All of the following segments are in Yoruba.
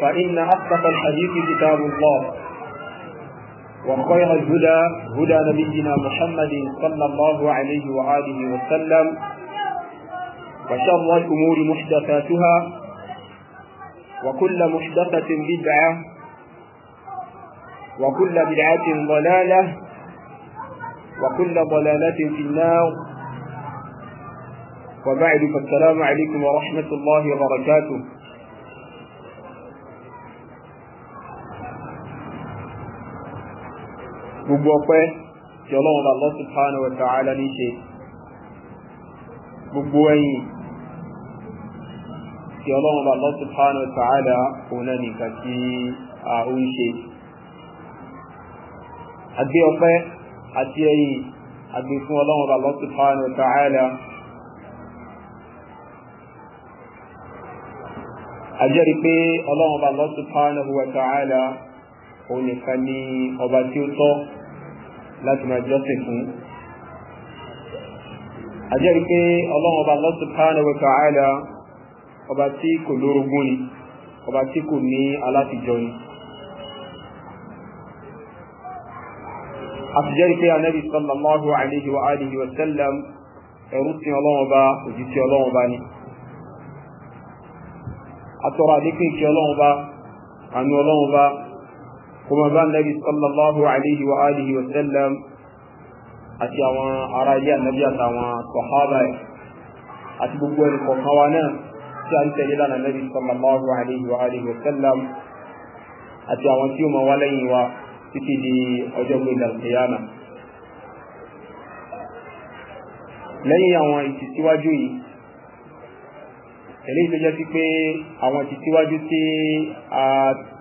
فإن أصدق الحديث كتاب الله وخير الهدى هدى نبينا محمد صلى الله عليه وآله وسلم وشر الأمور محدثاتها وكل محدثة بدعة وكل بدعة ضلالة وكل ضلالة في النار وبعد فالسلام عليكم ورحمة الله وبركاته gbogbo ọpẹ́ tí ọlọ́run bá Allah subhanahu ní gbogbo tí ọlọ́run bá òun nìkan tí a ń ṣe àti fún bá ọba tí ó tọ́ láti máa jọ́sìn fún àjẹ́rí pé ọlọ́run ọba Allah subhanahu wa ta'ala ọba tí kò lórogún ni ọba tí kò ní alátijọ ni àtijẹ́rí pé anábì sallallahu alayhi wa alihi wa sallam ẹ̀rú sí ọlọ́run ọba òjíṣẹ́ ọlọ́run ọba ni àtọ̀rọ̀ àdékùn ìṣẹ́ ọlọ́run ọba àánú ọlọ́run ọba kó máa bá nàbí sallallahu alayhi wa alihi wa sallam àti àwọn ará ilé ànábì àtàwọn sọ̀hábà ẹ̀ àti gbogbo ẹni kọ̀ọ̀kan wa náà tí a ń tẹ̀lé lánàá nàbí sallallahu alayhi wa alihi wa sallam àti àwọn tí ó máa wá lẹ́yìn wa títí di ọjọ́ gbé ìdàgbéyàmà. lẹ́yìn àwọn ìtìsíwájú yìí eléyìí tó jẹ́ sí pé àwọn ìtìsíwájú tí a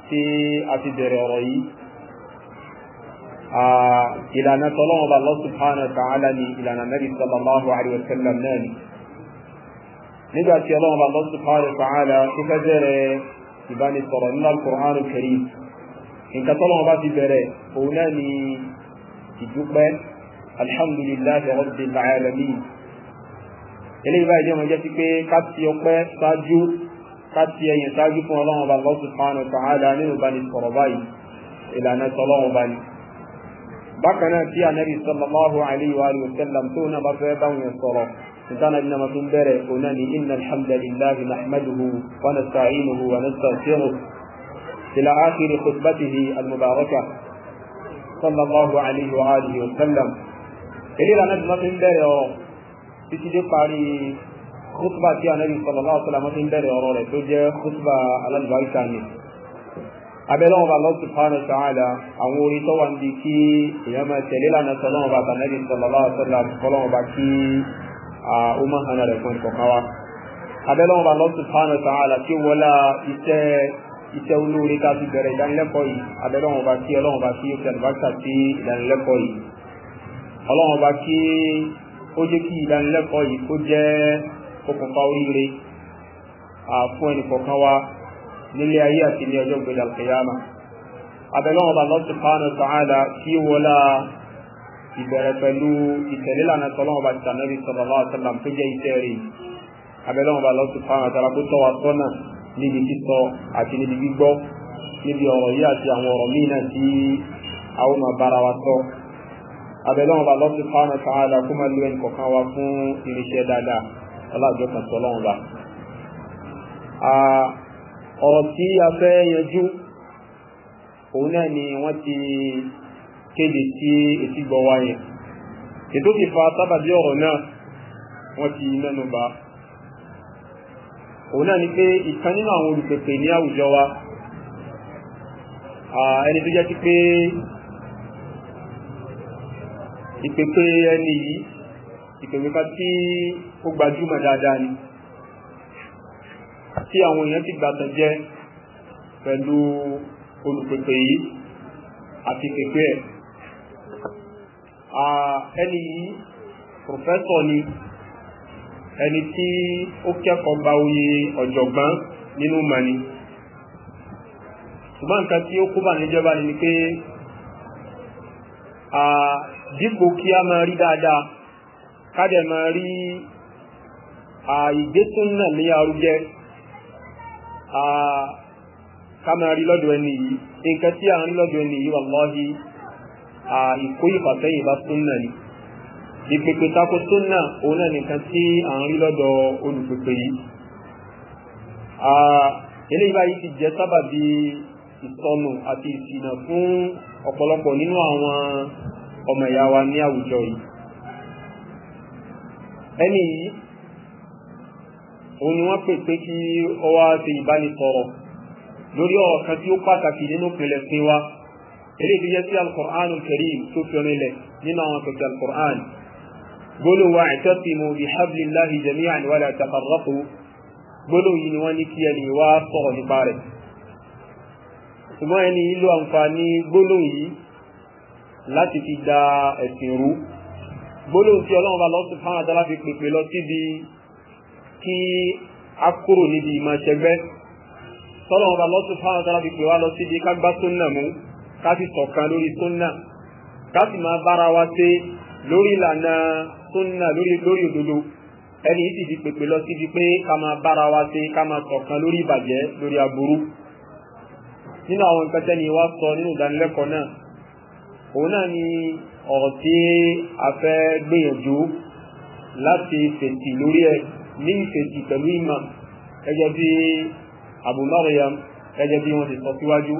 tí a ti bẹ̀rẹ̀ ọ̀rọ̀ yìí ìlànà tọ́lọ́wọ́n bá Allah subhanahu wa ta'ala ni ìlànà Nabi sallallahu alayhi wa sallam náà ni nígbà tí ọlọ́wọ́n bá Allah subhanahu wa ta'ala tó fẹ́ bẹ̀rẹ̀ ìbánisọ̀rọ̀ nínú al-Qur'an al tọ́lọ́wọ́n bá ti bẹ̀rẹ̀ òun náà ni ìdúpẹ́ alhamdulillahi rabbil alamin eléyìí báyìí jẹ́ wọn jẹ́ sí pé ká ti ọpẹ́ ṣáájú ká ti ẹ̀yìn ṣáájú fún ọlọ́run ọba Allah subhanahu wa ta'ala nínú ìbánisọ̀rọ̀ báyìí ìlànà tọ́lọ́run ọba ni. bákan náà tí anabi sallallahu alayhi wa sallam tó náà bá fẹ́ bá wọn sọ̀rọ̀ nítorí àbí náà tún bẹ̀rẹ̀ òun náà ní inna alhamdulillahi nahmaduhu wa nasta'inuhu wa nastaghfiruh ila akhiri khutbatihi al sallallahu alayhi wa sallam. èyí lànà bẹ̀rẹ̀ ọ̀rọ̀ títí dé parí kútùbà tí anabi sallallahu alaihi wasallam ń bẹ̀rẹ̀ ọ̀rọ̀ rẹ̀ tó jẹ́ kútùbà alábàáríkà ni abẹ́lọ́wọ́ bá lọ́sùn fáánù sàáàdà àwọn orin tó wà níbi kí èèyàn máa tẹ̀lé lánà sọlọ́wọ́ bá tànẹ́bí sallallahu alaihi wasallam kọ́lọ́wọ́ bá kí ọmọ hàn rẹ̀ fún ìkọ̀kan wa abẹ́lọ́wọ́ bá lọ́sùn fáánù sàáàdà tí wọlá iṣẹ́ iṣẹ́ olóore ká fi bẹ̀rẹ̀ ìdánilẹ́kọ̀ọ́ yìí abẹ́lọ́wọ́ bá kí ọlọ́wọ́ bá kí oṣù àlùbáṣà sí ìdánilẹ́kọ̀ọ́ yìí ọlọ́wọ́ bá kí ó jẹ́ kí ìdánilẹ́kọ̀ọ́ yìí kó jẹ́ okùnfà oríire fún ẹnìkọ̀ọ̀kan wa nílé ayé àti ní ọjọ́ gbẹ̀dẹ̀ alkiyama abẹ́lọ́wọ́ bá lọ́sì pàánù sàádà kí wọlá ìbẹ̀rẹ̀ pẹ̀lú ìtẹ̀lélànà tọ́lọ́wọ́ bá ti tànàbí sallallahu alaihi wasallam tó jẹ́ iṣẹ́ rẹ̀ abẹ́lọ́wọ́ bá lọ́sì pàánù sàádà kó tọ́ wa sọ́nà níbi fún irinṣẹ́ dáadáa aláàjọ kan sọ lọ́wọ́n bá ọ̀rọ̀ tí a fẹ́ yanjú òun náà ni wọ́n ti kéde sí etí gbọ́ wa yẹn ètò ti fa sábàbí ọ̀rọ̀ náà wọ́n ti mẹ́nu bà òun náà ni pé ìkan nínú àwọn olùpèpè ní àwùjọ wa ẹni tó jẹ́ ti pé ìpèpè ẹni yìí ìpèpè kan tí ó gbajúmọ̀ dáadáa ni tí àwọn èèyàn ti gbàtàn jẹ́ pẹ̀lú olùpèpè yìí àti pèpè ẹ̀ ẹni yìí pòfẹ́sọ̀ ni ẹni tí ó kẹ́kọ̀ọ́ gba oyè ọ̀jọ̀gbọ́n nínú mani ṣùgbọ́n nǹkan tí ó kó bà ní jẹba ni pé dípò kí a máa rí dáadáa ká dẹ̀ máa rí ìgbésùnà ní arúgẹ kámẹ́rì lọ́dọ̀ ẹni yìí nǹkan tí a ń lọ́dọ̀ ẹni yìí wàlọ́hì ìkó ìfàsẹ́yìn bá súnà ni ìpèpè tako súnà òun náà nìkan tí a ń rí lọ́dọ̀ olùpèpè yìí eléyìí báyìí ti jẹ́ sábàbí ìsọnù àti ìsìnà fún ọ̀pọ̀lọpọ̀ nínú àwọn ọmọ ìyá wa ní àwùjọ yìí ẹni yìí òun ni wọ́n pè pé kí ó wá ṣe ìbánisọ̀rọ̀ lórí ọ̀rọ̀ kan tí ó pàtàkì nínú ìpìlẹ̀ sí wa eléyìí tó yẹ sí alukur'an karim tó fi orin lẹ̀ nínú àwọn akẹ́kẹ́ alukur'an gbólóhùn wa i'tasimu bihablillahi jami'an wala tafarraqu gbólóhùn yìí ni wọ́n ní kí ẹni wá sọ̀rọ̀ nípa rẹ̀ ṣùgbọ́n ẹni ìlú àǹfààní gbólóhùn yìí láti fi da ẹ̀sìn rú gbólóhùn tí ọlọ́run bá lọ sí fáwọn adá láti pèpè lọ síbi kí a kúrò níbi ìmọ̀ ṣẹgbẹ́ ọba Allah subhanahu wa ta'ala fi pè wá lọ síbi ká gbá súnà mú ká sì ṣọ̀kan lórí súnà ká sì máa bára wa ṣe lórí ìlànà súnà lórí òdodo ẹni yìí sì fi pèpè lọ síbi pé ká máa bára wa ṣe ká máa ṣọ̀kan lórí ìbàjẹ́ lórí aburú nínú àwọn nǹkan tẹ́ni wá sọ nínú ìdánilẹ́kọ̀ọ́ náà òun náà ni ọ̀rọ̀ tí a fẹ́ gbìyànjú láti fèsì lórí ẹ̀ ní ìkejì pẹ̀lú ìmọ̀ gẹ́gẹ́ bí Abu Maryam gẹ́gẹ́ bí wọ́n ti sọ síwájú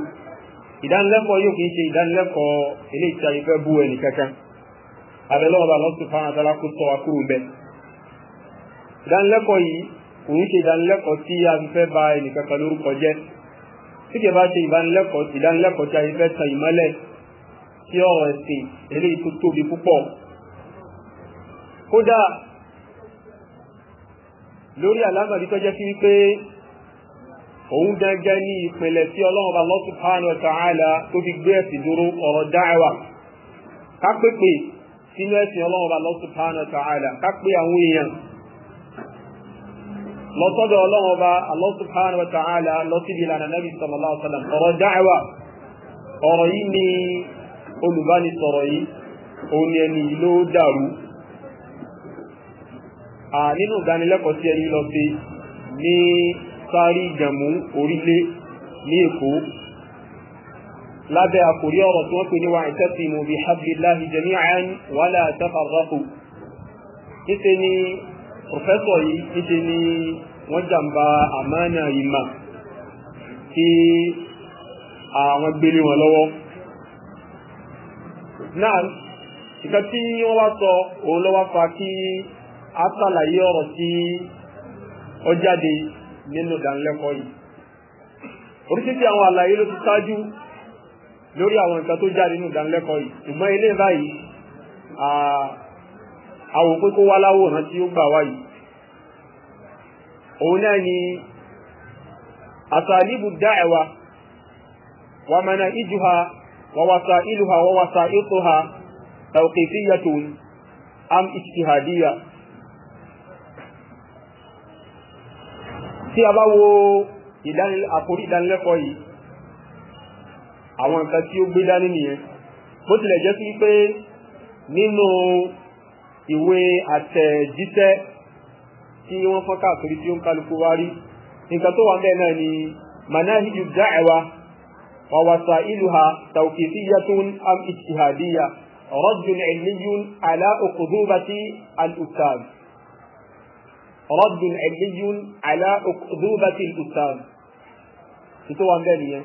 ìdánilẹ́kọ̀ọ́ yóò kìí ṣe ìdánilẹ́kọ̀ọ́ ilé ìta ìfẹ́ bú ẹnì kankan abẹ́lọ́ọ̀bà lọ́sùn fún àtàlà kó sọ akúrò bẹ́ ìdánilẹ́kọ̀ọ́ yìí kò ń ṣe ìdánilẹ́kọ̀ọ́ tí a fi fẹ́ ba ẹnì kankan lórúkọ jẹ́ tí kìí bá ṣe ìdánilẹ́kọ̀ọ́ tí a fi fẹ́ tan ìmọ́lẹ̀ sí ọ̀rọ̀ ẹ̀sìn eléyìí tó tóbi púpọ̀ kódà lórí àlámàrí tó jẹ́ sí wípé òun gangan ní ìpìlẹ̀ tí ọlọ́run bá Allah subhanahu wa ta'ala tó fi gbé ẹ̀sìn dúró ọ̀rọ̀ dáẹ̀wà kápẹ́pẹ́ sínú ẹ̀sìn ọlọ́run bá Allah wa ta'ala kápẹ́ àwọn èèyàn lọ́sọ́dọ̀ ọlọ́run ọba Allah subhanahu wa ta'ala lọ́síbi ìlànà ọ̀rọ̀ dáẹ̀wà ọ̀rọ̀ yìí ni nínú ìdánilẹ́kọ̀ọ́ tí ẹni lọ sí ní sáárì ìjàmú orílẹ̀ ní èkó lábẹ́ àkórí ọ̀rọ̀ tí wọ́n pè ní wa'tasimu bi hablillahi jami'an wala tafarraqu níṣe ni pòfẹ́sọ̀ yìí níṣe ni wọ́n jàǹbá àmánà ìmà tí àwọn gbélé wọn lọ́wọ́ náà ìkan tí wọ́n wá sọ òun ló fa kí àtàlàyé ọ̀rọ̀ tí ó jáde nínú ìdánilẹ́kọ̀ọ́ yìí oríṣiríṣi àwọn àlàyé ló ti ṣáájú lórí àwọn nǹkan tó jáde nínú ìdánilẹ́kọ̀ọ́ yìí ṣùgbọ́n ilé báyìí àwọn pé kó wá láwòrán tí ó gbà wá yìí òun náà ni asalibu ha wa mana'ijuha ha wasailuha wa wasaiquha tawqifiyatun am ijtihadiyah tí a bá wo àkórí ìdánilẹ́kọ̀ọ́ yìí àwọn nǹkan tí ó gbé dání nìyẹn bó tilẹ̀ jẹ́ sí pé nínú ìwé àtẹ̀jíṣẹ́ tí wọ́n fọ́n káàkiri tí ó ń kálukú wá rí nǹkan tó wà ń bẹ̀ náà ni manahiju da'wa wa wasailuha tawqifiyyatun am ijtihadiyya rajul ilmiyun ala uqdubati al-ustadh رد علمي على أكذوبة الأستاذ تتوى مدنيا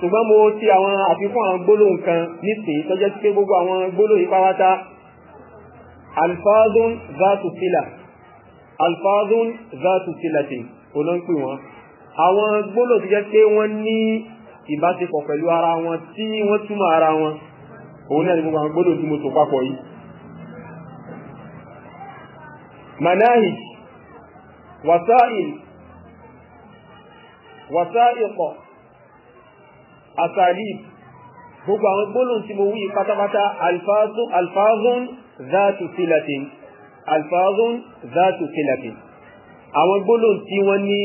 ṣùgbọ́n mo ti àwọn àfikún àwọn gbólóhùn kan nísìnyí tó jẹ́ pé gbogbo àwọn gbólóhùn ìpáwátá alfazun zatu sila alfazun zatu silati olóńpì wọn àwọn gbólóhùn tó jẹ́ pé wọ́n ní ìbáṣepọ̀ pẹ̀lú ara wọn tí wọ́n túmọ̀ ara wọn òun náà ni gbogbo àwọn gbólóhùn tí mo tò papọ̀ yìí manahij wasa'il wasa'iqo asalib gbogbo àwọn gbólóhùn tí mo wí pátápátá alfazun zaatu silatin alfazun zaatu silatin àwọn gbólóhùn tí wọ́n ní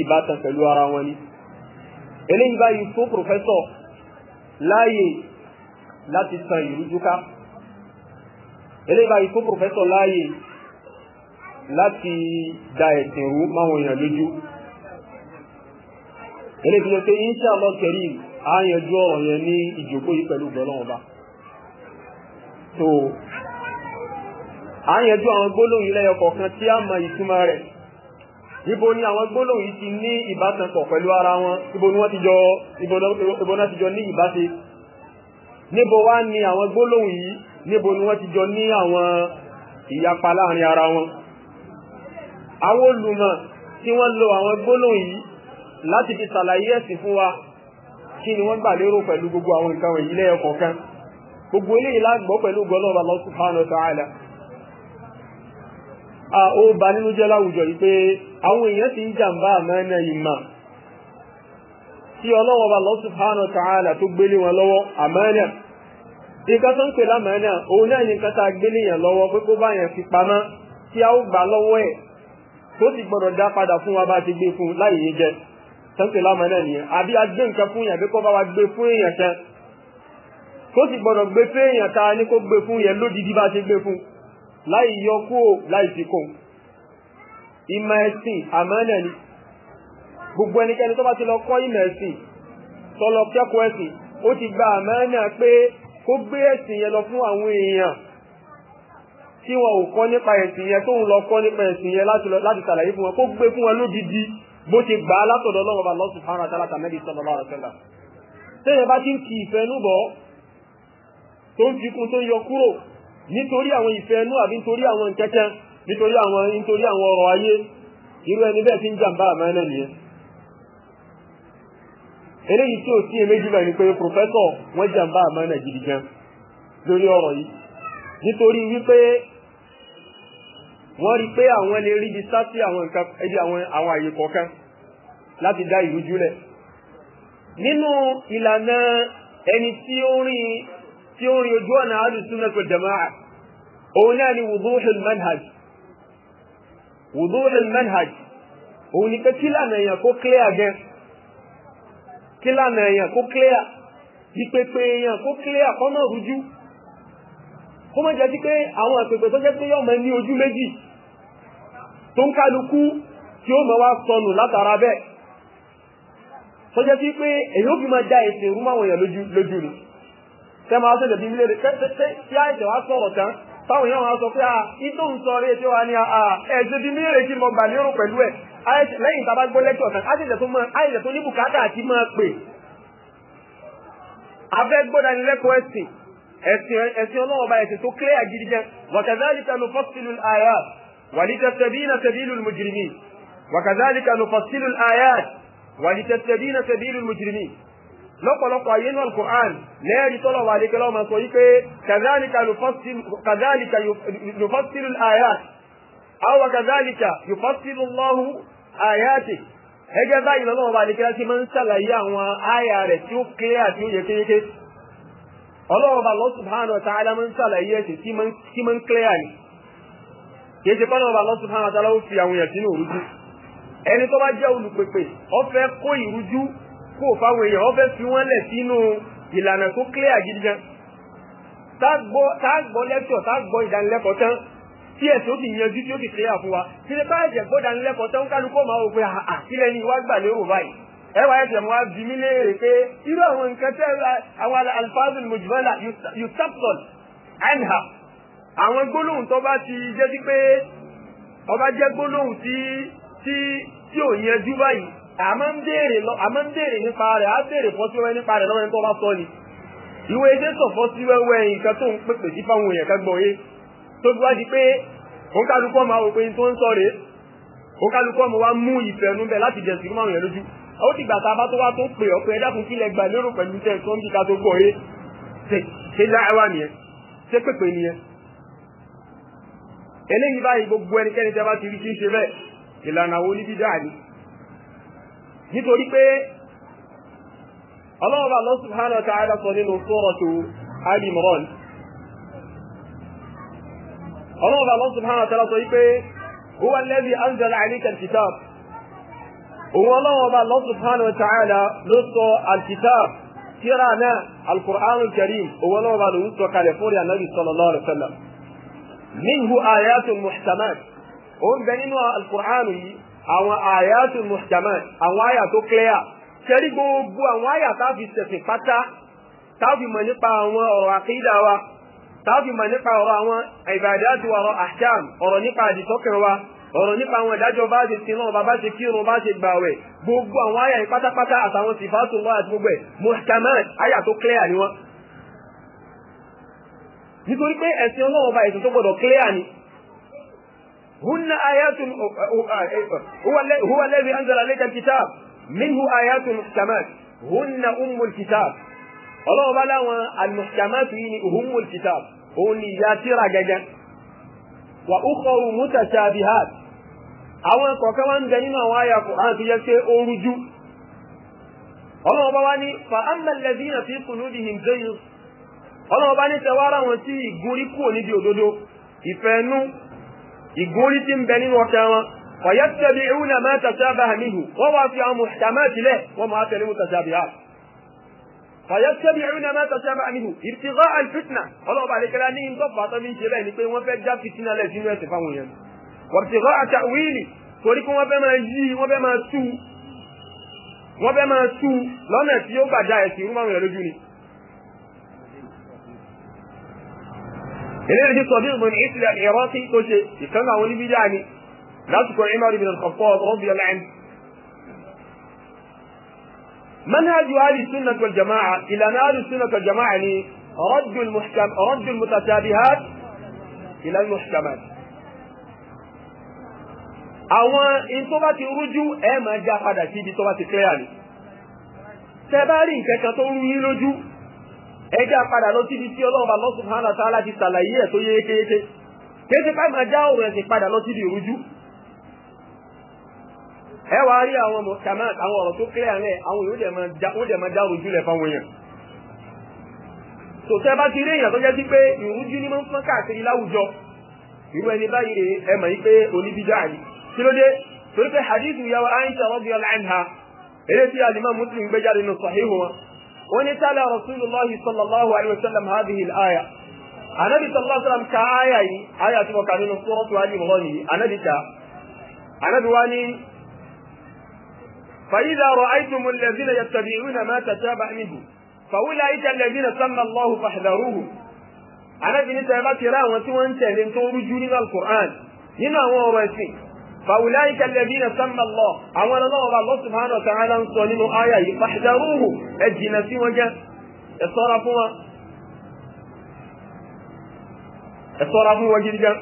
ìbátan pẹ̀lú ara wọn ni eléyìí báyìí fún pòfẹ́sọ̀ láàyè láti san ìrújúká eléyìí báyìí fún pòfẹ́sọ̀ láàyè láti da ẹ̀sìn rú máwọn èèyàn lójú ilé fi jẹ́ pé insha Allah karim a yanjú ọ̀rọ̀ yẹn ní ìjókòó yìí pẹ̀lú gbọ́lọ́wọ́n bá so a yanjú àwọn gbólóhùn ilẹ̀ ọkọ̀ọ̀kan tí a mọ ìtumọ̀ rẹ̀ níbo ni àwọn gbólóhùn yìí ti ní ìbátan pọ̀ pẹ̀lú ara wọn ibo ni wọ́n ti jọ ibo náà ti jọ ní ìbáṣe níbo wá ni àwọn gbólóhùn yìí níbo ni wọ́n ti jọ ní àwọn ìyapa láàrin ara wọn. àwọn olùmọ̀ tí wọ́n lo àwọn gbólóhùn yìí láti fi ṣàlàyé ẹ̀sìn fún wa kí ni wọ́n gbà lérò pẹ̀lú gbogbo àwọn nǹkan wọ̀nyí lẹ́yọ kọ̀ọ̀kan gbogbo eléyìí lágbọ́ pẹ̀lú gọlọ́ọ̀bà a ó ba nínú jẹ́ láwùjọ yìí pé àwọn èèyàn ti ń jàǹbá àmánà ìmọ̀ tí ọlọ́wọ́ba Allah subhanahu wa ta'ala tó gbélé wọn lọ́wọ́ àmánà nǹkan tó ń pè lámánà òun náà ní tó sì gbọ́dọ̀ dá padà fún wa bá ti gbé fún láì yé jẹ tẹ́ǹtẹ̀ lámọ̀ náà nìyẹn àbí a nǹkan fún yẹn bí kò bá wa gbé fún èèyàn kan tó sì gbọ́dọ̀ gbé fún èèyàn ta ni kó gbé fún yẹn lódìdí bá ti gbé fún láì yọ kúrò láì fi kún ìmọ̀ ẹ̀sìn àmọ́ náà ni gbogbo ẹnikẹ́ni tó bá ti lọ kọ́ ìmọ̀ ẹ̀sìn tó kẹ́kọ̀ọ́ ẹ̀sìn ó ti gba àmọ́ náà pé kó gbé ẹ̀sìn yẹn lọ fún àwọn èèyàn tí wọn ò kọ́ nípa ẹ̀sìn yẹn tó ń lọ kọ́ nípa ẹ̀sìn yẹn láti ṣàlàyé fún wọn kó gbé fún wọn lódìdí bó ṣe gbà á látọ̀dọ̀ ọlọ́run Allah subhanahu wa ta'ala tàmẹ́lì sọ̀rọ̀ lọ́wọ́ sẹ́lá. sẹ́yìn bá ti ń kí ìfẹ́núbọ̀ tó ń fi kún tó ń yọ kúrò nítorí àwọn ìfẹ́nú àbí nítorí àwọn kẹ́kẹ́ nítorí àwọn nítorí àwọn ọ̀rọ̀ ayé irú ẹni bẹ́ẹ̀ ti ń jàǹbá àmọ́ ẹ̀nà nìyẹn. ni pé pòfẹ́sọ̀ wọ́n jàǹbá àmọ́ ẹ̀nà wọ́n rí i pé àwọn lè rí ibi sá sí àwọn nǹkan ẹbí àwọn àwọn àyè kọ̀ọ̀kan láti dá ìlú júlẹ̀ nínú ìlànà ẹni tí ó rìn tí ó rìn ojú ọ̀nà alùsùnà pé jama'a òun náà ni wuduhul manhaj wuduhul manhaj òun ni pé kí lànà èèyàn kó clear gan kí lànà èèyàn kó clear ìpèpè èèyàn kó clear kọ́nà rújú kó má jẹ́ pé àwọn àpèpè tó jẹ́ pé yọ̀ọ́ máa ní ojú méjì tó ń kálukú tí ó mọ̀ wá sọnù látara bẹ́ẹ̀ tó jẹ́ sí pé èyí ó fi máa da ẹ̀sìn rú máwọn èèyàn lójú ni tẹ́ máa sọ̀rọ̀ bí ilé rẹ̀ tẹ́ tí àìsàn wá sọ̀rọ̀ tán táwọn èèyàn wá sọ pé à ìtò ń sọ rí etí wa ni à ẹ̀sìn bí ilé rẹ̀ kí mo gbà lérò pẹ̀lú ẹ̀ àìsàn lẹ́yìn tá a bá gbọ́ lẹ́kọ̀ọ́ kan àìsàn tó máa àìsàn tó ní bùkátà àti máa pè afẹ́ gbọ́dánilẹ́kọ̀ọ́ ẹ̀sìn ẹ̀sìn ọlọ́wọ́ bá ẹ̀sìn tó kílẹ̀ àgídí gan wọ̀tẹ̀dá ولتستبين سبيل المجرمين وكذلك نفصل الآيات ولتستبين سبيل المجرمين lọ́pọ̀lọpọ̀ ayé ní alukur'an lẹ́ẹ̀rí tọ́lọ̀ wà lékelọ́ máa sọ wípé kàdálíkà yufasilu ayat àwọn kàdálíkà yufasilu lọ́hu ayati ẹgẹ́ báyìí lọ́wọ́ wà lékelọ́ ti máa ń ṣàlàyé àwọn àyà rẹ̀ tí ó kéré àti ó yẹ kéyéké ọlọ́wọ́ bá lọ́sùn hàn ọ̀tá alámọ́ ń ṣàlàyé ẹ̀sìn tí máa ń kílẹ̀ àní kìí ṣe kọ́nà ọba Allah subhanahu wa ta'ala ó fi àwọn èèyàn sínú òrújú ẹni tó bá jẹ́ olùpèpè ó fẹ́ kó ìrújú kó fáwọn èèyàn ó fi wọ́n lẹ̀ sínú ìlànà tó clear gidi gan táàgbọ́ lẹ́kṣọ̀ táàgbọ́ ìdánilẹ́kọ̀ọ́ tán tí ẹ̀sìn ó sì yanjú tí ó sì clear fún wa tí ní báyìí ẹ̀gbọ́ ìdánilẹ́kọ̀ọ́ tán kálukú máa wò pé àtìlẹ́ ni wá gbà lérò báyìí ẹwà ẹ̀sẹ̀ wọn bí mí léèrè pé irú àwọn nǹkan tẹ́ àwọn alfazul mujmala anha àwọn gbólóhùn tó bá ti jẹ́ sí pé ọba jẹ́ gbólóhùn tí tí tí ò yanjú báyìí a ń béèrè lọ a ń béèrè nípa rẹ̀ á béèrè fọ́síwẹ́ nípa rẹ̀ lọ́wọ́ ẹni tó bá sọ ni ìwé ẹgbẹ́ sọ fọ́síwẹ́wẹ́ nǹkan tó ń pèpè sí fáwọn èèyàn kan gbọ̀n yé tó fi wá di pé òun kálukọ́ máa wò pé n tó ń sọ rèé òun kálukọ́ máa wá mú ìfẹ́ nu bẹ̀ láti jẹ sùúrù máa ń lójú ó ti gbà tá tó wá tó pè ọ́ pé ẹ dákun kí lẹ gbà lérò pẹ̀lú tẹ̀ tó ń bí ká tó gbọ̀ yé ṣe ṣe láìwá nìyẹn ṣe pèpè nìyẹn eléyìí báyìí gbogbo ẹnikẹ́ni tẹ́ bá ti rí kí ń ṣe bẹ́ẹ̀ ìlànà wo ní dídá ni nítorí pé Ọlọ́run bá Allah subhanahu wa ta'ala sọ nínú suratu Ali Imran Ọlọ́run bá Allah subhanahu wa ta'ala sọ wípé huwa alladhi anzala alayka al-kitab òun Ọlọ́run bá Allah subhanahu wa ta'ala ló sọ al-kitab náà al-Qur'an òun Ọlọ́run bá lòun sọ kalẹ̀ fún rí Ànábì sallallahu minhu ayatul muhkamat ó ń bẹ nínú alukur'an yìí àwọn ayatul muhkamat àwọn àyà tó clear ṣẹ́rí gbogbo àwọn àyà táàbì ṣẹ̀sìn pátá táàbì mọ̀ nípa àwọn ọ̀rọ̀ àkídà wa táàbì mọ̀ nípa ọ̀rọ̀ àwọn ìbàdàtì wa ọ̀rọ̀ ahkam ọ̀rọ̀ nípa àdìsọ́kàn wa ọ̀rọ̀ nípa àwọn ìdájọ́ bá ṣe sinú ọba bá ṣe kírun bá ṣe gbàwẹ̀ gbogbo àwọn àyà yìí pátápátá àtàwọn sìfàtò wọn àti gbogbo ẹ̀ muhkamat àyà tó clear ni wọn nítorí pé ẹ̀sìn ọlọ́run ọba ẹ̀sìn tó gbọdọ̀ clear ni. hunna ayatun uh, uh, uh, huwa alladhi anzala alayka alkitab minhu ayatun muhkamat hunna ummul kitab ọlọ́run ọba láwọn almuhkamat yìí ni ummul kitab òun ni ìyá tíra gẹ́gẹ́ wa ukharu mutashabihat àwọn kọ̀ọ̀kan wá ń bẹ nínú àwọn àyà Qur'an tó yẹ pé ó rújú ọlọ́run ọba wá ní fa amma alladhina fi qulubihim zayg ọlọ́run bá ní tẹwárá wọn tí ìgúnrí kúrò níbi òdodo ìfẹ́ ẹnu ìgúnrí tí ń bẹ nínú ọkẹ wọn fayattabi'una ma tashabaha minhu wọ́n wá fi àwọn muhtamati lẹ̀ wọ́n máa tẹ̀lé ma tashabaha minhu ibtigha al-fitna ọlọ́run bá lékelá ní ntọ́fà tó ń ṣe bẹ́ẹ̀ ni pé wọ́n fẹ́ já fitina lẹ̀ sínú ẹ̀sìn fáwọn yẹn wabtigha torí pé wọ́n fẹ́ máa yí wọ́n fẹ́ máa tú wọ́n fẹ́ máa tú lọ́nà tí gbàjá ẹ̀sìn yẹn lójú ni هنا هناك صديق من عيسى العراقي كنت يسمع ولي بدعني نذكر عمر بن الخطاب رضي الله عنه منهج اهل السنه والجماعه الى ان اهل السنه والجماعه يعني رد المحكم رد المتشابهات الى المحكمات او ان ti rújú اما máa هذا padà sí ibi tọ́ba ti clear e àpadà lọ síbi tí ọlọ́run bá lọ́sùn hàn àti aláti sàlàyé ẹ̀ tó yé kéèké kéèké ká máa já ọ̀rọ̀ ẹ̀sìn padà lọ síbi ìrújú. ẹ wàá rí àwọn ọmọ kàmá àwọn ọ̀rọ̀ tó kílẹ̀ rẹ̀ àwọn èèyàn wọ́n dẹ̀ máa já fáwọn èèyàn. bá ti rí èèyàn tó jẹ́ sí pé ìrújú ni máa ń fọ́n káàkiri láwùjọ irú ẹni báyìí ẹ mọ̀ yí pé wọ́n ní tálà rasulullahi sallallahu alayhi wa sallam hadhihi al-aya anabi sallallahu alayhi wa sallam ka aya yìí aya tí mo kà nínú suratu ali imran yìí anabi ta anabi wa ni فإذا رأيتم الذين يتبعون ما تتابع منه فأولئك الذين سمى الله فاحذروهم أنا بنت ما ترى وأنت وأنت لن تورجوا من القرآن هنا هو وسيم فأولئك الذين سمى الله أولا الله الله سبحانه وتعالى صلوا آية فاحذروه أجنا في وجه الصرفوا الصرفوا وجه الجن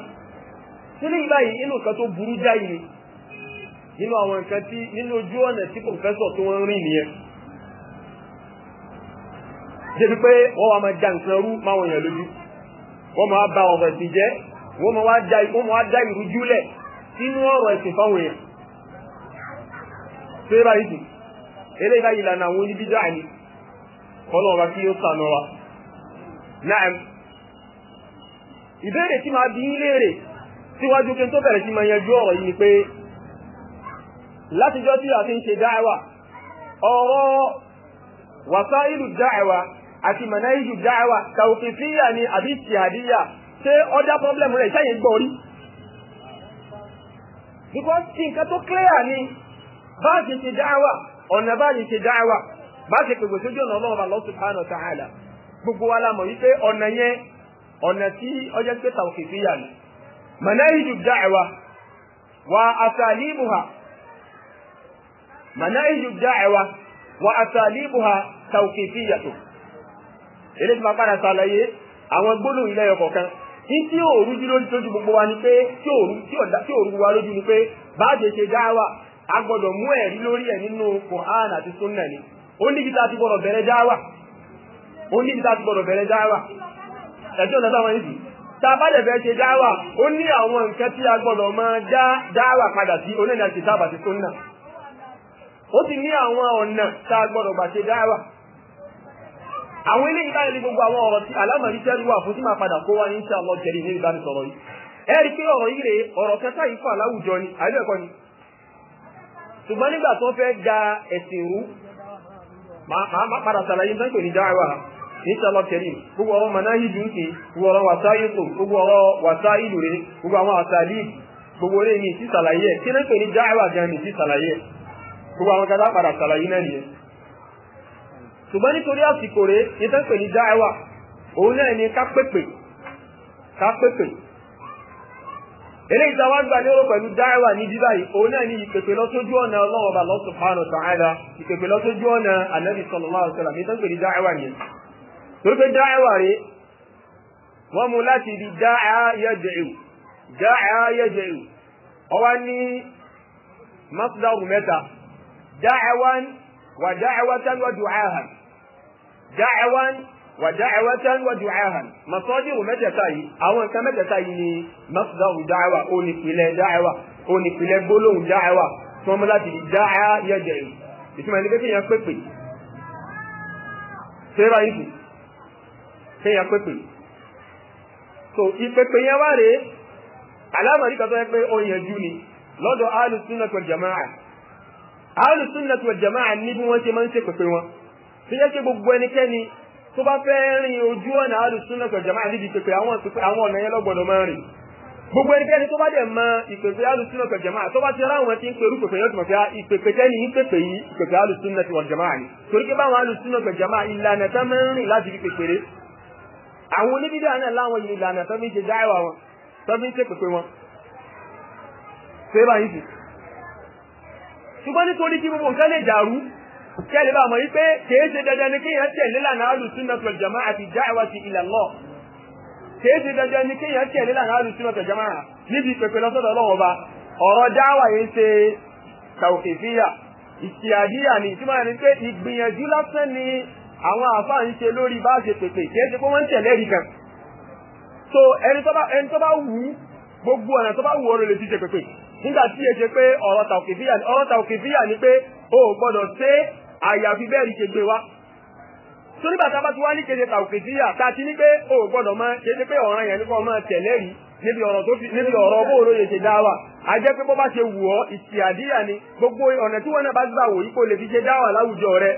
sílẹ̀ báyìí inú kan tó burú jáì ni nínú àwọn nǹkan tí nínú ojú ọ̀nà tí pòfẹ́sọ̀ tó ń rìn nìyẹn débi pé wọ́n wá máa da nǹkan rú máwọn èèyàn lójú wọ́n máa ba ọ̀rọ̀ ìsìn jẹ́ wọ́n máa wá da ìrújú lẹ̀ sínú ọ̀rọ̀ ẹ̀sìn fáwọn èèyàn tó yẹ báyìí dùn eléyìí báyìí lànà àwọn oníbídà ni kọ́nà ọba tí ó sànà wa náà ìbéèrè tí máa bí ń léèrè síwájú kí n tó bẹ̀rẹ̀ sí máa yanjú ọ̀rọ̀ yìí ni pé látijọ́ tí a ti ń ṣe dáẹ̀wà ọ̀rọ̀ wàsáìlù dáẹ̀wà àti mọ̀náìjù dáẹ̀wà tàwùkìfíyà ni àbí tìhàdíyà ṣé ọjà pọ́blẹ̀mù rẹ̀ ṣáyẹn gbọ́ rí because tí nǹkan tó clear ni báàsì ṣe dáhàwà ọ̀nà báàsì ṣe dáhàwà báàsì pèpè sójú ọ̀nà ọlọ́run Allah subhanahu wa gbogbo wa la mọ̀ yí pé ọ̀nà yẹn ọ̀nà tí ọjọ́ fi yà ni manahiju dáhàwà wà wa manahiju dáhàwà wà àtàlíbùhà fi yàtọ̀ eléyìí máa padà sàlàyé àwọn gbólóhùn ilé ọkọ̀ tí òru jí lójú gbogbo wa ni pé tí òru wa lójú ni pé báàjẹ́ ṣe dá wà a gbọ́dọ̀ mú ẹ̀rí lórí ẹ̀ nínú sunna ni ó ní kíta ti gbọ́dọ̀ bẹ̀rẹ̀ dá wà ó ní kíta ti gbọ́dọ̀ bẹ̀rẹ̀ dá wà ẹ̀jọ́ ìdájọ́ àwọn ìdí tá a bá lè fẹ́ ṣe dá wà ó ní àwọn nǹkan tí a gbọ́dọ̀ máa àwọn eléyìí báyìí ní gbogbo àwọn ọ̀rọ̀ tí alámọ̀rí tẹ́lú wà fún tí máa padà kó wá ní ṣe àwọn ní ìbánisọ̀rọ̀ yìí ẹ rí i pé ọ̀rọ̀ yìí ọ̀rọ̀ kẹta yìí fún aláwùjọ ni àyẹ̀wò ẹ̀kọ́ ni ṣùgbọ́n nígbà tó fẹ́ ga ẹ̀sìn rú máa padà ṣàlàyé tó ní ṣe àwọn gbogbo ọ̀rọ̀ gbogbo ọ̀rọ̀ gbogbo ṣùgbọ́n nítorí àsìkò rẹ̀ yìí tó ní dáẹ́wà òun náà ni ká pèpè ká pèpè eléyìí táwa gbà pẹ̀lú dáẹ́wà ní bíbá yìí òun náà ni ìpèpè lọ́sójú ọ̀nà ọlọ́run ọba wa ta'ala ìpèpè lọ́sójú ọ̀nà anabi sallallahu alaihi ní dáẹ́wà ní dáẹ́wà dáẹwán wà dáẹwátán wà du'ahan masadiru mẹ́tẹ̀ẹ̀ta yìí àwọn nǹkan mẹ́tẹ̀ẹ̀ta yìí ni masdaru dáẹwà onípìlẹ̀ dáẹwà onípìlẹ̀ gbólóhùn dáẹwà tí wọ́n mú láti di dáẹ yẹ̀dẹ̀ yìí ìtumọ̀ ẹni pé kéèyàn pépè sera ibu kéèyàn pépè so ìpèpè yẹn wá rèé alámọ̀rí kan tó yẹ pé ó yẹjú ni lọ́dọ̀ alùsùn náà tó jẹ̀máà alùsùn náà tó jẹ̀máà ní bí wọ́n ṣe máa ń ṣe pèpè wọn tó yẹ kí gbogbo ẹnikẹ́ni tó bá fẹ́ rin ojú ọ̀nà alùsùnà kọ̀ jàmáà níbi ìpèpè àwọn ọ̀nà yẹn lọ́gbọ̀dọ̀ máa rìn gbogbo ẹnikẹ́ni tó bá dẹ̀ mọ ìpèpè alùsùnà kọ̀ jàmáà tó bá ti rá àwọn tí ń perú pèpè yóò tún fi ìpèpè tẹ́ni ń pèpè yìí ìpèpè alùsùnà ti wọ̀n jàmáà ni torí pé báwọn alùsùnà kọ̀ jàmáà ìlànà tán máa ń rìn láti fi pèpèrè àwọn oníbídà náà láwọn ìlànà tán fi ń ṣe dáìwà wọn tán fi ń ṣe pèpè wọn. ṣé báyìí sì kẹ́lì bá mọ̀ wípé kìí ṣe dandan ni kéèyàn tẹ̀lé lànà alùsùnà pẹ̀lú jama àti da'wati ila Allah kìí ṣe dandan ni kéèyàn tẹ̀lé lànà alùsùnà jama níbi pẹ̀pẹ̀ lọ́sọ̀dọ̀ ọlọ́wọ́ ba ọ̀rọ̀ dáwà yẹn ṣe tawqifiyya ni tí máa pé ìgbìyànjú lásán ni àwọn àfa ń ṣe lórí bá ṣe pèpè pé wọ́n tẹ̀lé rí kan so ẹni tó bá wù ú gbogbo ọ̀nà tó bá wù ọ́ lè fi ṣe pèpè nígbà tí pé ọ̀rọ̀ ni pé o gbọ́dọ̀ ṣe àyàfi bẹ́ẹ̀ rí ṣe gbé wa torí bàtà bá ti wá ní kéde tàwùkìdíyà tá a ti ní pé o gbọ́dọ̀ máa kéde pé ọ̀ràn yẹn nípa ọmọ tẹ́lẹ̀ rí níbi ọ̀rọ̀ tó fi níbi ọ̀rọ̀ bó ṣe a jẹ́ pé bó bá ṣe wù ọ́ ìtìyàdíyà ni gbogbo ọ̀nà tí wọ́n náà bá wò yí kó lè fi rẹ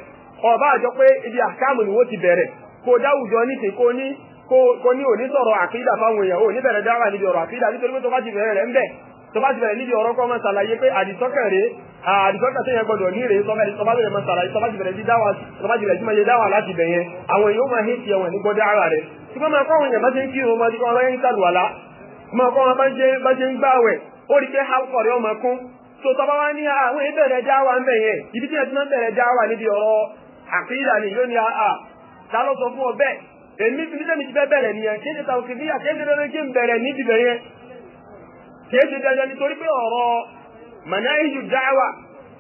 ọba àjọ pé ibi àkáàmù ni wọ́n ti bẹ̀rẹ̀ kó dáwùjọ níṣe kó ní kó ní òní sọ̀rọ̀ àkídà fáwọn èèyàn ò ní bẹ̀rẹ̀ dáwà níbi ọ̀rọ̀ àkídà nítorí pé tó bá ti bẹ̀rẹ̀ rẹ̀ ń bẹ̀ tó bá àdìsọ́kà tó yẹ ya ní ìrèyí tọ́ba tọ́ba bẹ̀rẹ̀ mọ́ sàlàyé tọ́ba ti bẹ̀rẹ̀ sí dáwà tọ́ba ti bẹ̀rẹ̀ sí máa yẹ dáwà láti bẹ̀ yẹn àwọn èèyàn máa hẹ́ẹ̀tì ẹ̀wọ̀n ní gbọ́dọ̀ ara rẹ̀ tí máa kọ́ àwọn èèyàn bá ṣe ń kírun máa di kọ́ ọlọ́yẹ́ ń máa kọ́ wọn bá ṣe ń ó rí pé ah, rẹ̀ ọmọ ah, ah, ọ mana da'wa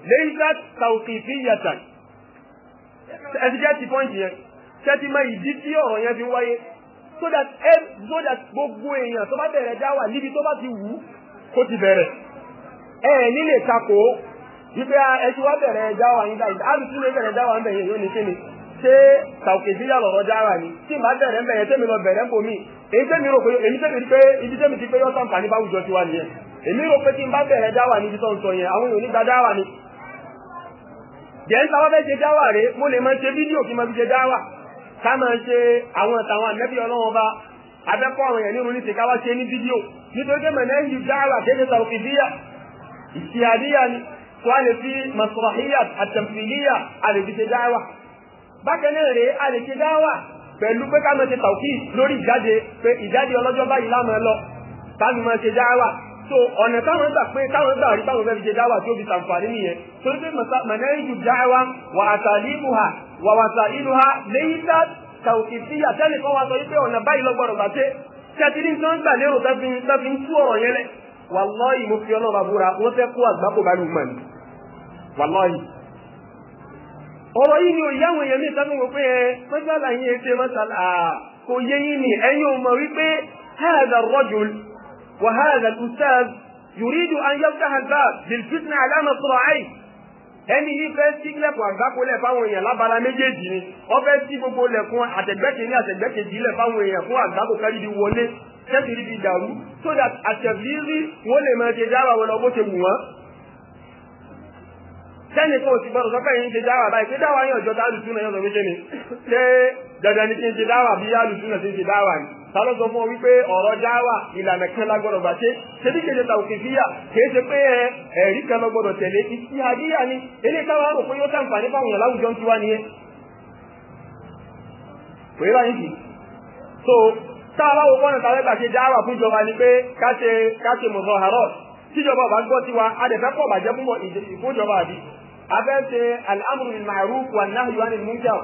laysat tawqifiyatan ẹ ti jẹ́ ti pọ́ǹtì yẹn tẹ́tí mọ ìdí tí fi wáyé so that ẹ so that gbogbo èèyàn tó bá bẹ̀rẹ̀ dáwà níbi tó bá ti wù ú kó ti bẹ̀rẹ̀ ẹ ní lè takò ó wípé ẹ ti wá bẹ̀rẹ̀ dáwà yín báyìí àbùkù lè bẹ̀rẹ̀ dáwà ńbẹ̀ yẹn yóò ní kíni ṣé dáwà ni tí màá bẹ̀rẹ̀ ńbẹ̀ yẹn tẹ́mi lọ bẹ̀rẹ̀ èyí tẹ́mi rò pé èyí tẹ́mi ti pé èmi rò pé tí n bá bẹ̀rẹ̀ dáwà níbi tó ń sọ yẹn àwọn èèyàn nígbà ní ni jẹ́ńtà wọ́n fẹ́ ṣe dáwà rè mo lè máa ṣe fídíò kí n máa fi ṣe ká máa ṣe àwọn ìtàwọn ọlọ́wọ́n bá abẹ́kọ́ àwọn èèyàn nínú níṣe ká wá ṣe ní fídíò nítorí pé yìí kéde a lè ṣe dáwà a ṣe pẹ̀lú pé ká ṣe tàwùkì lórí ìjáde pé ìjáde ọlọ́jọ́ báyìí ẹ lọ ṣe so ọ̀nà táwọn gbà pé táwọn gbà rí táwọn fẹ́ẹ́ fi ṣe dáwà tí ó fi ṣàǹfààní nìyẹn torí pé mọ̀nẹ́rìndù dáwà wà àtàlímù ha wà wàtà inú ha lẹ́yìn tá tàwùkì sí àtẹ́lẹ̀ kan wá sọ wípé ọ̀nà báyìí lọ́gbọ̀rọ̀ gbà pé kẹtìrì ń tán gbà lérò tẹ́fi ń tú ọ̀rọ̀ yẹn lẹ̀ wàlọ́ọ̀yì mo fi ọlọ́ba búra wọ́n fẹ́ kó àgbákò bá lù mọ̀ni ọ̀rọ̀ yìí ni ò yá àwọn èèyàn mi sábà wọ pé ẹ mọ́sálà yín ẹ ṣe mọ́sálà kò yé yín ni ẹ̀yin ò mọ̀ wípé hẹ́ẹ̀dà rọ́jòlù وهذا الأستاذ يريد أن يفتح الباب للفتنة على مصراعيه ẹni yìí fẹ́ sí ilẹ̀kùn àgbákòlẹ̀ fáwọn èèyàn lábala méjèèjì ni wọ́n fẹ́ sí gbogbo lẹ̀kùn àtẹ̀gbẹ́kẹ̀ni àtẹ̀gbẹ́kejì ilẹ̀ fáwọn èèyàn fún àgbákò kárí wọlé tẹ́sí rí dàrú so that àtẹ̀bírí wọ́n lè máa ṣe dára wọn lọ bó ṣe wù wọ́n. sẹ́ni kan ò sì gbọ́dọ̀ sọ pé yín ṣe dára báyìí pé dáwà yín ọ̀jọ́ tá a lùtúnà yín tálọ́ fún ọ wípé ọ̀rọ̀ dáwà ìlànà kan lágbọ́dọ̀ gbà ṣe ṣebí kejì ta òkè fíyà kìí ṣe pé ẹ ẹ̀rí ni eléyìí táwọn àrò pé yóò sàǹfààní nípa èèyàn láwùjọ ń nìyẹn. pé so tá a bá wo kọ́nà tàwọn ẹgbàá ṣe dáwà ni pé mọ̀tọ́ àárọ̀ tíjọba ọba gbọ́ tiwa adẹ̀fẹ́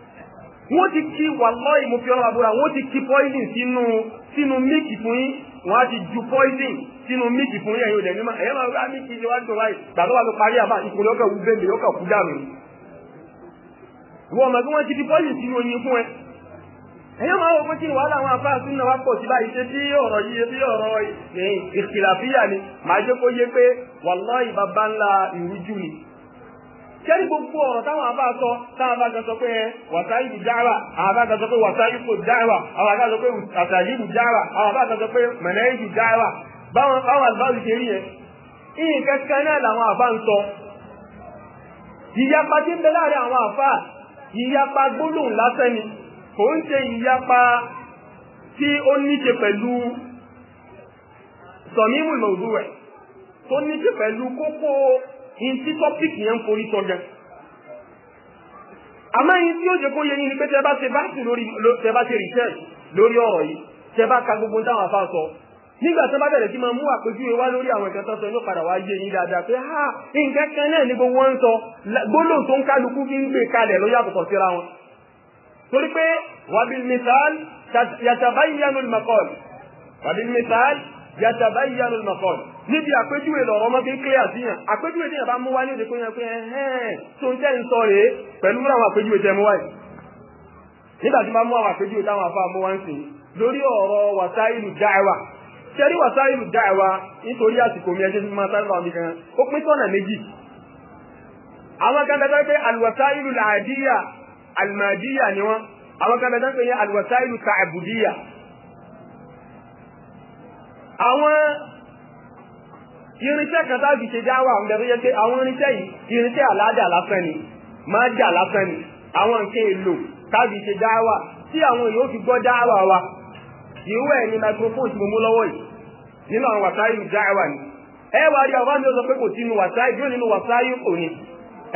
wọ́n ti kí wàlọ́ọ̀yì mo fi ọlọ́wà búra wọ́n ti kí poison sínú sínú míìkì fún yín wọ́n á ti ju poison sínú míìkì fún yín ẹ̀yin ò dẹ̀ ma ẹ̀yin máa wá míìkì ni wá dùn wáyé gbàdúrà wà ló parí àbá ìkòlè ọkọ̀ bẹ́ẹ̀ ọkọ̀ kú dànù. ìwọ ọmọ ti fi poison sínú oyin fún ẹ. ẹ̀yin kí wàhálà àwọn náà wá pọ̀ sí báyìí sẹ́ni gbogbo ọ̀rọ̀ táwọn àbá sọ táwọn àbá sọ pé wàsáyì bù dára àwọn àbá sọ pé wàsáyì bù dára àwọn àbá sọ pé àtàyè bù dára àwọn àbá sọ pé mẹ̀lẹ́yì bù dára báwọn àlùbáwò ṣe rí yẹn. ìyìn kankan náà làwọn àbá ń sọ. ìyapa tí ń bẹ láàrin àwọn àfa ìyapa gbólóhùn lásán ni kò ń ṣe ìyapa tí ó ní pẹ̀lú sọ̀mímù lòdù rẹ̀ tó ní pẹ̀lú kókó yìí tí tọ́pìkì yẹn ń forí sọ gan. àmọ́ yìí tí ó jẹ́ kó yẹ yín ni pé tẹ́ bá ṣe lórí tẹ́ bá ṣe research lórí ọ̀rọ̀ yìí tẹ́ bá ka gbogbo táwọn afá sọ nígbà tí wọ́n bá bẹ̀rẹ̀ sí máa mú àpèjúwe wá lórí àwọn ìkan tó sọ inú padà wá yé yín dáadáa pé ha nǹkan kan náà ni gbogbo wọn ń sọ gbólóhùn tó ń kálukú fi ń gbé kalẹ̀ ló yàtọ̀ síra wọn. torí pé wàbí misal yàtàbáyé yanu maqal wàbí misal yàtàbá ìyanu nọ̀kọ́ níbi àpéjúwe lọ̀rọ̀ ọmọ fi ń kílẹ̀ àtìyàn àpéjúwe tí yàn bá mú wá ní òdekò yẹn pé ẹ̀hẹ́n tó ń tẹ́ ń sọ rèé pẹ̀lú àwọn àpéjúwe tẹ́ mú wáyé nígbà tí bá mú àwọn àpéjúwe táwọn afá mú wá ń sìn lórí ọ̀rọ̀ wàsáìlù dáẹ̀wà ṣẹ́rí wàsáìlù dáẹ̀wà nítorí àsìkò mi ẹjẹ́ sí máa àwọn irinṣẹ́ kan táàbì ṣe dáwà ń bẹ tó jẹ́ pé àwọn irinṣẹ́ yìí irinṣẹ́ àládà lásán ni máa jà lásán ni àwọn nǹkan èlò táàbì ṣe dáwà tí àwọn èèyàn fi gbọ́ dáwà wa ìwú ẹ̀ ni microphone tí mo mú lọ́wọ́ yìí nínú àwọn wàsáyù dáwà ni ẹ wá rí àwọn mi sọ pé kò sínú wàsáyù yóò nínú wàsáyù kò ní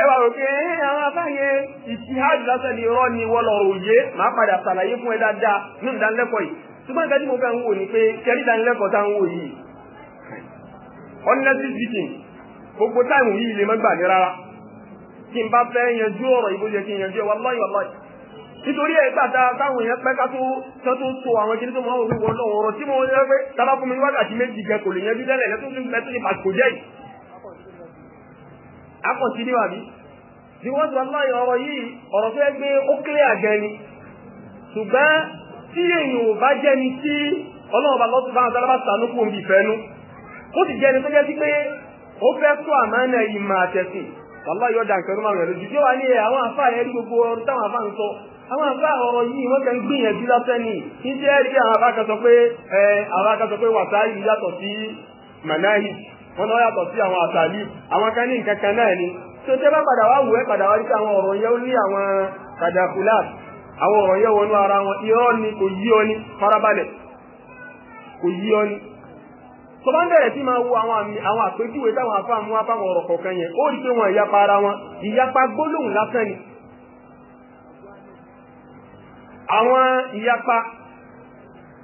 ẹ wá rò pé ẹ àwọn afáyẹ ìṣíhádùn lásán ni irọ́ ni wọ́n òye máa padà ṣàlàyé fún ẹ dáadáa nínú ìdánilẹ́kọ̀ọ́ yìí ṣùgbọ́n nǹkan tí mo fẹ́ ń wò ni pé kẹrí ìdánilẹ́kọ̀ọ́ tá ń wò yìí honestly speaking gbogbo táìmù yìí lè má gbà ní rárá kí n bá fẹ́ yanjú ọ̀rọ̀ ìbò yẹ kí n yanjú ẹ̀ wallahi wallahi nítorí ẹ̀ gbàdá táwọn èèyàn pẹ́ ká tó tó tó so àwọn kiri tó máa wọ wọ lọ ọ̀rọ̀ tí mo yẹ pé tábà fún mi wákàtí méjì jẹ kò lè yanjú tẹ́lẹ̀ lẹ́tọ́ tó lẹ́tọ́ ní pàṣẹ kò jẹ́ yìí. akọ̀sí ni wàbí bí wọ́n sọ wallahi ọ̀rọ̀ yìí ọ̀rọ̀ tó yẹ pé ó clear gan ni ṣùgbọ́n tí èyàn ò bá jẹ́ni tí ọlọ́run bá lọ́tún bá ń sálábà sànú fún òbí ìfẹ́ nú ó sì jẹ́ni tó jẹ́ sí pé ó fẹ́ tó àmánà ìmọ̀ àtẹ̀sìn wàlá yóò dà nǹkan márùn lójú tí ó wà ní àwọn àfa yẹn ní gbogbo ọ̀rọ̀ táwọn àfa ń sọ àwọn àfa ọ̀rọ̀ yìí wọ́n kàn ń gbìyànjú lásán ni kí n jẹ́ rí àwọn àfa kan sọ pé ẹ àwọn àfa kan sọ pé wàsáì yàtọ̀ sí mànáhì wọn náà yàtọ̀ ni tó àwọn ọ̀rọ̀ yẹ wọnú ara wọn irọ́ ni kò yí ọ ní farabalẹ̀ kò yí ọ ní. tó bá ń bẹ̀rẹ̀ sí máa wo àwọn àmì àwọn àpèjúwe táwọn afá mú apá ọ̀rọ̀ kọ̀ọ̀kan yẹn ó rí pé wọn ìyapa ara wọn ìyapa gbólóhùn lásán ni. àwọn ìyapa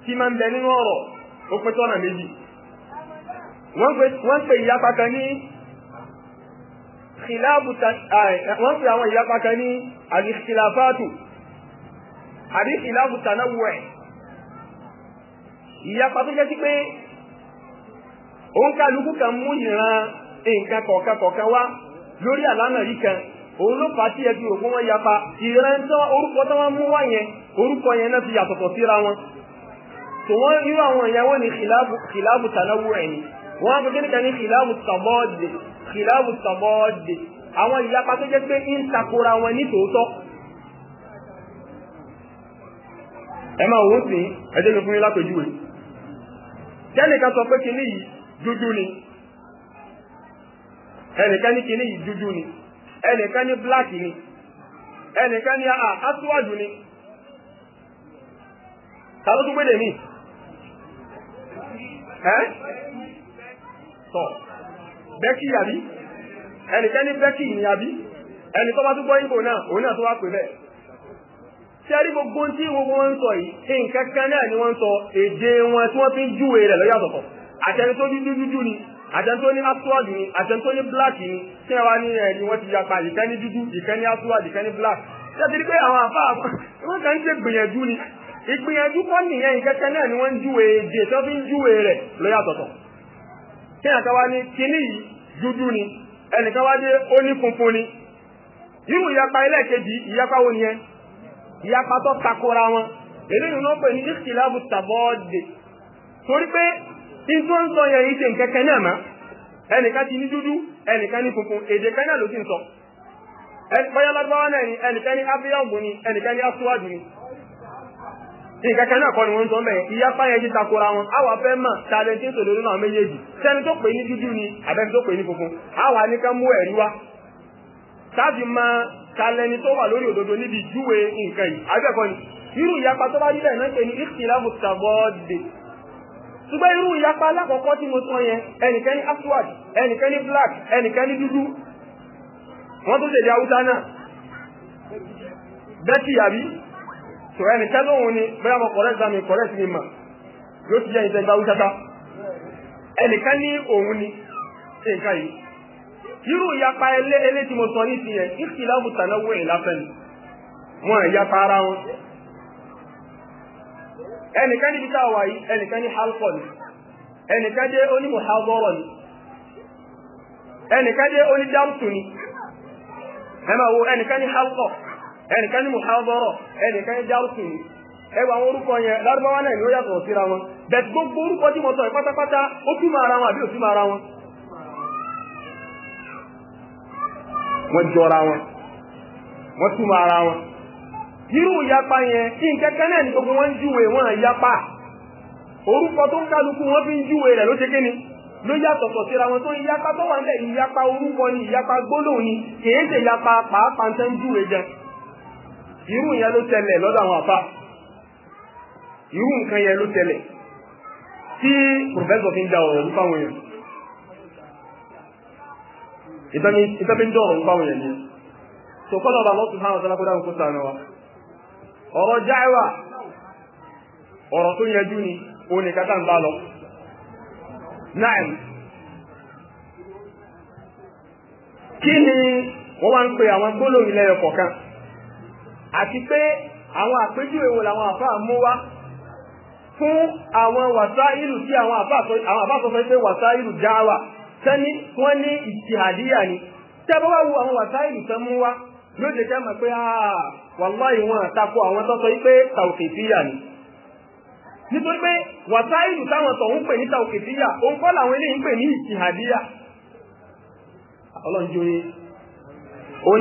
tí máa ń bẹ nínú ọ̀rọ̀ ó pẹ́ tọ́nà méjì wọ́n pe ìyapa kan ní khilabu wọ́n pe àwọn ìyapa kan ní al-ikhtilafatu àbí ìlàbù tànáwó ẹ̀ ìyapa tó jẹ́ sí pé òun kálukú kan mú ìran nǹkan kọ̀ọ̀kan kọ̀ọ̀kan wá lórí àlámọ̀rí kan òun ló fà á sí ẹbí òkú wọn yapa ìran tó orúkọ tó wọn mú wá yẹn orúkọ yẹn náà fi yàtọ̀tọ̀ síra wọn tò wọn irú àwọn ìyàwó ni kìláàbù tànáwó ni wọn á fi ní àwọn ìyapa tó jẹ́ ẹ máa wò ó sìn ẹjẹ́ mi fún yín lápèjúwe kẹ́nìkan sọ pé kinní yìí dúdú ni ẹnìkan ní kinní yìí dúdú ni ẹnìkan ní bíláàkì ni ẹnìkan ní aṣíwájú ah, ni ta ló tún gbé lèmi ẹ tọ bẹ́kì àbí ẹnìkan ní bẹ́kì ni àbí ẹnìkan bá tún gbọ́ ìbò náà òun náà tó wá pè bẹ́ẹ̀. sẹ́rí gbogbo tí gbogbo wọn ń sọ yìí nǹkan kan náà ni wọ́n sọ èdè wọn tí wọ́n fi ń júwe rẹ̀ lọ́yàtọ̀tọ̀ àtẹni tó dúdú dúdú ni àtẹni tó ní aswad ni àtẹni tó ní black ni tí wọ́n wá ní ẹ̀ ni wọn ti yapa ìkan ní dúdú ìkan ní aswad ìkan ní black ṣẹ́ti pé àwọn àfa wọn kàn ń ṣe gbìyànjú ni ìgbìyànjú nìyẹn ìyapa tó takora wọn eléyìí wọn pè ní ìsìláàbù tàbọ́ọ̀dì torí pé ìtú ń sọ yẹn ìṣe nkẹ́kẹ́ náà má ẹnìkan ti ní dúdú ẹnìkan ní funfun èdè kan náà ló ti ń sọ bóyá lọ́dọ́wọ́ náà ni ẹnìkan ní abíyọ̀gbù ni ẹnìkan ní aṣíwájú ni ìkẹ́kẹ́ náà kọ́ ni wọ́n ń sọ mẹ́yẹn ìyapa yẹn ti takora wọn àwa fẹ́ mọ̀ tàbí tí ń sọ lórí náà méjèèjì sẹ́ni tó pè ní dúdú ni àbẹ́ni tó pè ní funfun àwa ní mú ẹ̀rí wá táàbì máa talẹni tó wà lórí òdodo níbi ìjúwe nǹkan yìí àbẹ̀kọ́ ni irú ìyapa tó bá rí bẹ́ẹ̀ náà pè ní ìsìlámù tàbọ́ọ̀dì ṣùgbọ́n irú ìyapa alákọ̀ọ́kọ́ tí mo sọ yẹn ẹnìkan ní aswad ẹnìkan ní black ẹnìkan ní dúdú wọ́n tún tẹ̀lé haúsá náà bẹ́tì àbí tó ẹnìkan lóhun ni bẹ́ẹ̀ mo kọ̀rẹ́ sami kọ̀rẹ́ sí mi mà yóò ti jẹ́ ìtẹ̀gbà haúsá ta ẹnìkan ní òun ni nǹkan yìí irú ìyapa ẹlẹ́ ele tí mo sọ ní ti yẹn ìkìlá bùtànà wọ ka ni wọn ìyapa ara wọn. ẹnìkan níbi tá a wà yìí ẹnìkan ní halkọ ni ẹnìkan jẹ́ onímọ̀hábọ́rọ̀ ni ẹnìkan jẹ́ onídàmtù ni ẹ máa wo ẹnìkan ní halkọ ẹnìkan ndị mọ̀hábọ́rọ̀ ẹnìkan ní dàmtù ni ẹwà àwọn orúkọ yẹn lárúbáwá náà ni ó yàtọ̀ síra wọn gbogbo orúkọ tí mo sọ yìí pátápátá ó wọn àbí wọ́n jọra wọn wọ́n túmọ̀ ara wọn irú ìyapa yẹn kí n kẹ́kẹ́ náà ní gbogbo wọn ń júwe wọn ìyapa orúkọ tó ń kálukú wọn fi ń júwe rẹ̀ ló ṣe kí ni ló sọ̀sọ̀ síra wọn tó ń yapa tó wà ń bẹ̀ ìyapa orúkọ ni ìyapa gbólóhùn ni kìí ṣe yapa pàápàá ń tẹ́ ń júwe jẹ irú yẹn ló lọ́dọ̀ àwọn àfa irú nǹkan yẹn ló tí pòfẹ́sọ̀ ìtẹ́bí ń dọ̀rọ̀ ń báwọn yẹn ni so kọ́lọ̀ ọba lọ́sùn ha ọ̀sán lápẹ́dá òkú sànù wa ọ̀rọ̀ jáìwà ọ̀rọ̀ tó yẹjú ni òun nìkan lọ pe àwọn gbólóhùn ilẹ̀ ọkọ̀ kan àti pé àwọn àpéjúwe wo làwọn àfáà mú wá fún àwọn wàsáìlù tí àwọn àfáà sani wọn ní ni tí a bá wá wo àwọn wàsáìlì tán mú yóò jẹ́ pé ah, wàláì wọn àtakò àwọn tó sọ pé tàwùkìfíyà ni nítorí pé wàsáìlì táwọn tó ń pè ní òun kọ́ làwọn eléyìí ń pè ní ìtìhàdíyà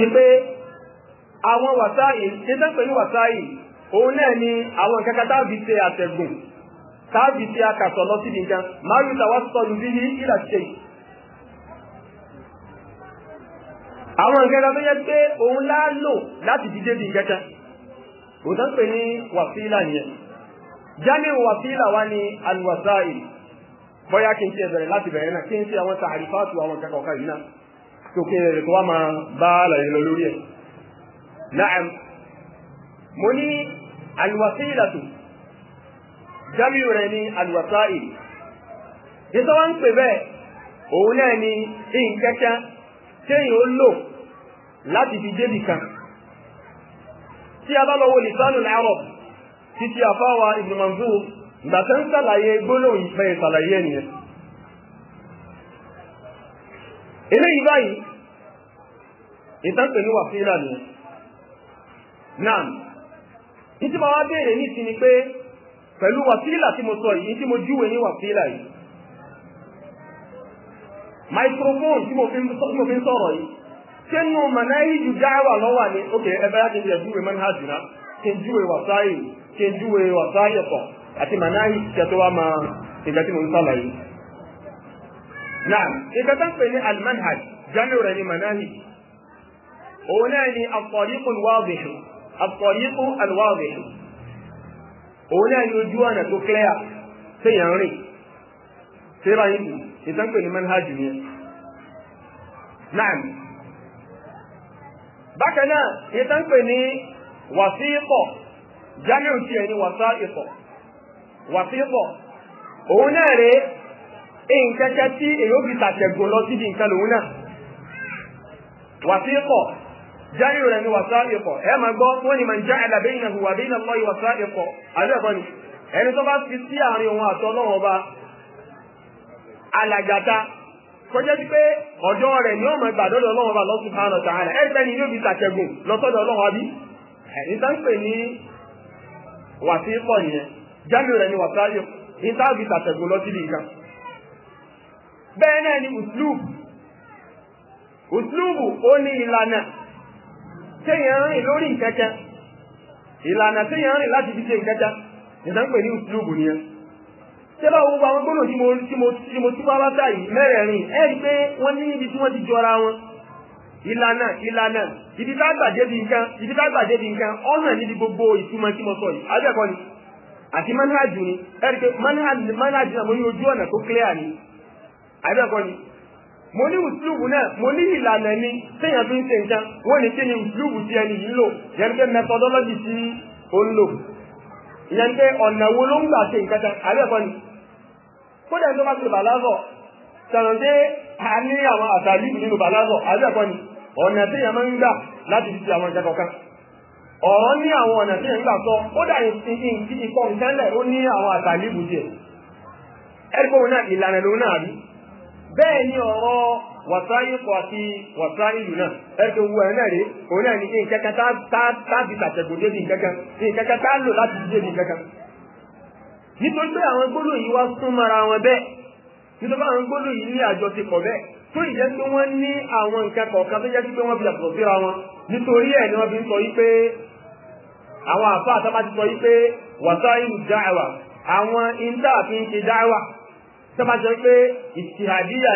ni pé àwọn wàsáìlì ṣe wàsáìlì òun náà ni àwọn kankan táàbì ṣe àwọn nǹkan kan tó yẹ pé òun lá lò láti dídé bí nǹkan kan òun tó ń pè ní wàsílà nìyẹn jáde wàsílà wa ni alùwàsáì bóyá kí n tiẹ̀ bẹ̀rẹ̀ láti bẹ̀rẹ̀ náà kí n ṣe àwọn tàrífàtù àwọn nǹkan kọ̀ọ̀kan yìí náà tó kí tó wá máa bá àlàyé lọ lórí ẹ̀ na'am mo ní alùwàsílà tó jáde rẹ̀ ní alùwàsáì ìtọ́wá ń pè bẹ́ẹ̀ òun náà ni nǹkan téèyàn ó lò láti fi débì kan tí a bá lọ wo lisanul arab títí àfáwà Ibn Manzur gbàtẹ́ ń sàlàyé gbólóhùn ìfẹ́ ìsàlàyé ènìyàn eléyìí báyìí ìtànpẹ̀ ní wàfíìlà ni náà ní tí ma wá béèrè ní ti ni pé pẹ̀lú wàfíìlà tí mo sọ yìí tí mo júwe ní wàfíìlà yìí microphone tí mo fi ń sọ̀rọ̀ yìí ṣé nù mọ̀náyì ju dáwà lọ́wọ́ ni ok ẹ bá yàtọ̀ ìjẹ́ júwe mọ́ni hajj náà kí n júwe wàsáyì kí n júwe wàsáyì ẹ̀kọ́ àti mọ̀náyì kẹtọ́ wa máa ìgbà tí mo ń sọ̀rọ̀ yìí. náà ìgbà tó ń pè ní almanhaj jami rẹ̀ ni mọ̀náyì òun náà ni at-tariqu al-wadih òun náà ni ojú ọ̀nà tó clear ṣé ìtàn pè ní manhajù yẹn náà bákan náà ìtàn pè ní wàsíìpọ̀ jamiu tiẹ̀ ní wàsáìpọ̀ wàsíìpọ̀ òun náà rèé nkẹkẹ tí èyí ó fi lọ síbi nǹkan lòun náà wàsíkọ̀ jáyò rẹ̀ ni wàsáìkọ̀ ẹ máa gbọ́ wọ́n ni màá já ẹ̀làbẹ́yìn náà alàgàtà kọjá sí pé ọ̀dọ́ rẹ̀ ni ó mọ̀ gbàdọ́dọ̀ ọlọ́run ha lọ́sùn fáwọn ọ̀tá rẹ̀ ẹ̀ẹ́dẹ́gbẹ́ ni yóò fi ṣàtẹ̀gùn lọ́sọ̀dọ̀ ọlọ́run àbí ń pè ní nìyẹn jáde rẹ̀ ni wàsáyọ̀ ní nta a fi ṣàtẹ̀gùn lọ síbi bẹ́ẹ̀ náà ni ùsùlùbù ùsùlùbù ó ní ìlànà téèyàn rìn lórí ìlànà téèyàn tẹ́bà gbogbo àwọn gbọ́nà tí mo tí mo tí mo tí wọ́n bá yìí mẹ́rẹ̀ẹ̀rin ẹ̀ rí pé wọ́n ní ibi tí wọ́n ti jọra wọn ìlànà ìlànà ibi tá gbàdé bí nǹkan ibi tá gbàdé bí nǹkan ọ̀nà níbi gbogbo ìtumọ̀ tí mo sọ yìí abẹ́ẹ̀kọ́ ni àti manhajù ni ẹ rí pé manhajù manhajù náà mo ní ojú ọ̀nà tó clear ni abẹ́ẹ̀kọ́ ni mo ní ùsùlùbù náà mo ní ìlànà ni téèyàn fi ń ṣe nǹkan wọ́n ní kí ni ùsùlùbù ti ẹni yìí lò yẹn pé methodology ti ó ń lò ìyẹn pé ọ̀nà wo ló ń gbà ṣe nǹkan kan abẹ́ẹ̀kọ́ ni kódà tó bá ti bàlágọ̀ a ní àwọn àtàlí nínú bàlágọ̀ àbẹ́ẹ̀kọ́ ọ̀nà tí yẹn máa ń gbà láti fi àwọn ìjẹ́kọ̀ọ́ kan ọ̀rọ̀ ní àwọn ọ̀nà tí yẹn gbà sọ kódà ìkọ̀ ìtẹ́lẹ̀ ó ní àwọn àtàlí náà ìlànà náà rí bẹ́ẹ̀ ni ọ̀rọ̀ àti náà náà ní nǹkan nítorí pé àwọn gbólóhùn yìí wá sún mọ́ra wọn bẹ́ẹ̀ nítorí àwọn gbólóhùn yìí ní wa bẹ́ẹ̀ tó ìjẹ́ pé wọ́n ní àwọn nǹkan kọ̀ọ̀kan tó jẹ́ pé wọ́n fi àtọ̀ síra wọn nítorí ẹ̀ ni wọ́n fi ń sọ yìí pé àwọn àfa àtàbà ti sọ yìí pé wàsáìlù dáhàwà àwọn ìńtà àfi ń ṣe pé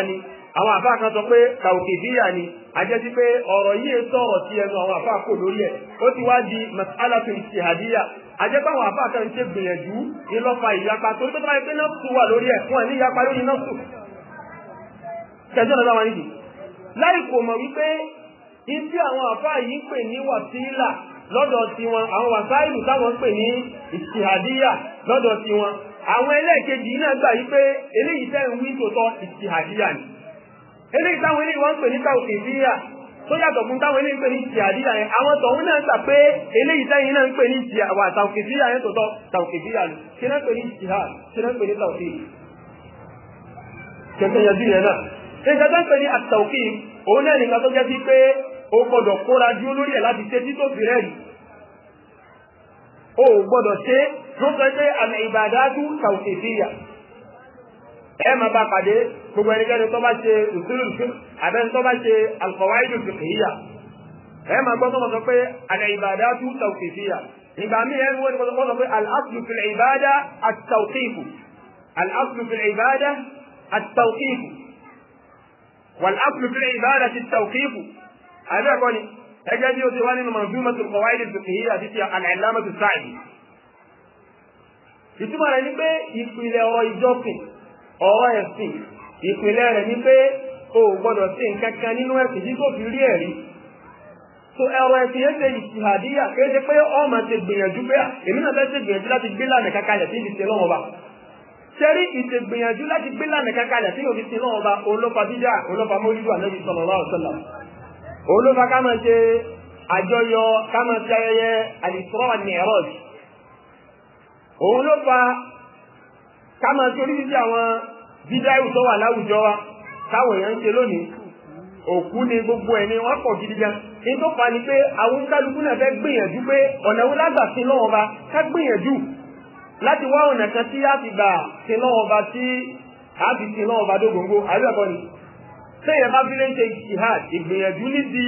ni àwọn àbá kan sọ pé tàwùkìdíyà ni àjẹsí pé ọ̀rọ̀ yìí sọ̀rọ̀ sí ẹnu àwọn àbá kò lórí ẹ̀ ó ti wá di masalatu ìṣèhàdíyà àjẹpá àwọn àbá kan ṣe gbìyànjú ìlọ́fà ìyapa torí pé tó bá yẹ pé náà tún wà lórí ẹ̀ fún ẹ̀ ní ìyapa lórí náà tún. kẹjọ́ lọ́dọ̀ wọn nìyí láì kò mọ̀ wípé ibi àwọn àbá yìí pè ní wàsílà lọ́dọ̀ tiwọn àwọn wàsáìlù táwọn pè ní ìṣèhàdíyà lọ́dọ̀ tiwọn àwọn ẹlẹ́ẹ̀kejì náà gbà yí pé eléyìí tẹ́ ń wí tòótọ́ ìṣèhàdíyà ni eléyìí táwọn eléyìí wọ́n ń pè ní tàwùsídíyà tó yàtọ̀ fún táwọn eléyìí ń pè ní tìyàdíyà yẹn àwọn tọ̀hún náà gbà pé eléyìí sẹ́yìn náà ń pè ní tìyà wà tàwùsídíyà yẹn tòótọ́ tàwùsídíyà ni kí náà pè ní tìyà kí náà pè ní tàwùsídì. kẹ̀kẹ́ yẹn bí yẹn náà nǹkan tó ń pè ní àtàwùkì òun náà nìkan tó jẹ́ sí pé o gbọ́dọ̀ kóra dúró lórí ẹ̀ láti ṣe títò fi rẹ́ẹ̀rì o gbọ́dọ̀ ṣe ló sọ pé àmì ìbàdàdú tàwùsídíyà ẹ máa bá pàdé gbogbo ẹnikẹ́ni tó bá ṣe usulul fiqh àbẹ́ni tó bá ṣe al-qawaidul fiqhiyya ẹ máa gbọ́ tó kọ́ sọ pé al-ibadatu tawqifiyya ìgbà míì ẹ wọ́n tó kọ́ sọ pé al-aslu fil ibada at-tawqifu al-aslu fil ibada at-tawqifu wal-aslu fil ibada at-tawqifu àbẹ́ ẹ̀kọ́ ni ẹgẹ́ bí o ti wá nínú manzumatul qawaidil fiqhiyya àti ti al-allamatu Sa'di ìtumọ̀ rẹ̀ ni pé ìpìlẹ̀ ọ̀rọ̀ ìjọsìn Ọrọ ẹ̀sìn ìpìlẹ̀ rẹ̀ ní pé o gbọ́dọ̀ sí nínú ẹ̀sìn tí kò fi rí ẹ̀rí so ẹ̀rọ ẹ̀sìn yẹn ṣe ìṣìhàdíyà kéé ṣe pé ọmọ ti gbìyànjú pé ah, èmi náà fẹ́ ṣe gbìyànjú láti gbé lànà tí ṣe lọ́wọ́ bá láti gbé lànà tí ṣe lọ́wọ́ bá olófa dídá olófa olófa ká máa ṣe ká máa ṣe ayẹyẹ ká máa torí sí àwọn bídáìwù tó wà láwùjọ wa táwọn èèyàn ń ṣe lónìí òkú ni gbogbo ẹ̀ ni wọ́n pọ̀ gidi gan ní tó fa ni pé àwọn kálukú náà fẹ́ gbìyànjú pé ọ̀nà wo lágbà sí lọ́wọ́ ba ká gbìyànjú láti wá ọ̀nà kan tí a ti gbà sí lọ́wọ́ ba tí a ti sí lọ́wọ́ ba dógóńgó àríwákọ́ ni sẹ́yìn bá fi lè ń ṣe jihad ìgbìyànjú níbi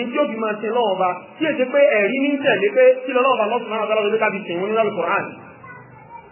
ìdí òbí máa ṣe lọ́wọ́ ba kí èsì pé ẹ̀rí ní tẹ̀lé pé kí lọ́wọ́ ba lọ́sùn náà lọ́sùn náà lọ́sùn náà lọ́sùn náà lọ́sùn náà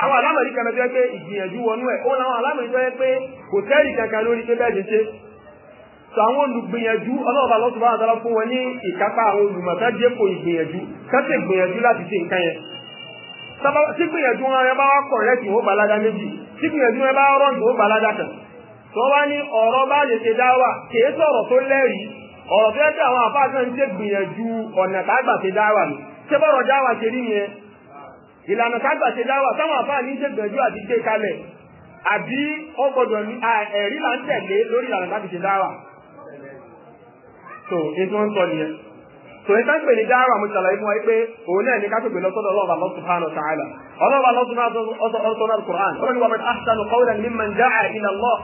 àwọn alámọ̀rí kan tó yẹ pé ìgbìyànjú wọnú ẹ̀ òun làwọn alámọ̀rí tó yẹ pé kò sẹ́rì kankan lórí pé bẹ́ẹ̀ ṣe ṣe sọ àwọn olùgbìyànjú ọlọ́ọ̀bá lọ́sùn bá dára fún wọn ní ìkápá àwọn olùmọ̀tá jẹ́ kò ìgbìyànjú kẹ́sì gbìyànjú láti ṣe nǹkan yẹn tí gbìyànjú wọn rẹ bá wá kọ̀rẹ́tì ó balada méjì tí gbìyànjú rẹ bá rọ̀ǹdì ó balada kan tó wá ní ọ̀rọ̀ bá lè ṣe dá wà kìí sọ̀rọ̀ tó lẹ́rìí ọ̀rọ̀ tó yẹ kí àwọn àfáà kan ń ṣe gbìyànjú ọ̀nà tá ìlànà kágbà ṣe dáwà táwọn àfáà ní ṣègbìyànjú àti gbé kalẹ̀ àbí ó gbọdọ̀ ní ẹ̀rí là ń tẹ̀lé lórí ìlànà láti ṣe dáwà tó ètò ń sọ nìyẹn ń pè ní fún wa pé òun náà ní kápẹ́pẹ́ lọ́sọ́dọ̀ ọlọ́ọ̀bà wa ọlọ́ọ̀bà Allah subhanahu wa ta'ala Qur'an ọlọ́ọ̀ni wa man ahsanu qawlan mimman da'a ila Allah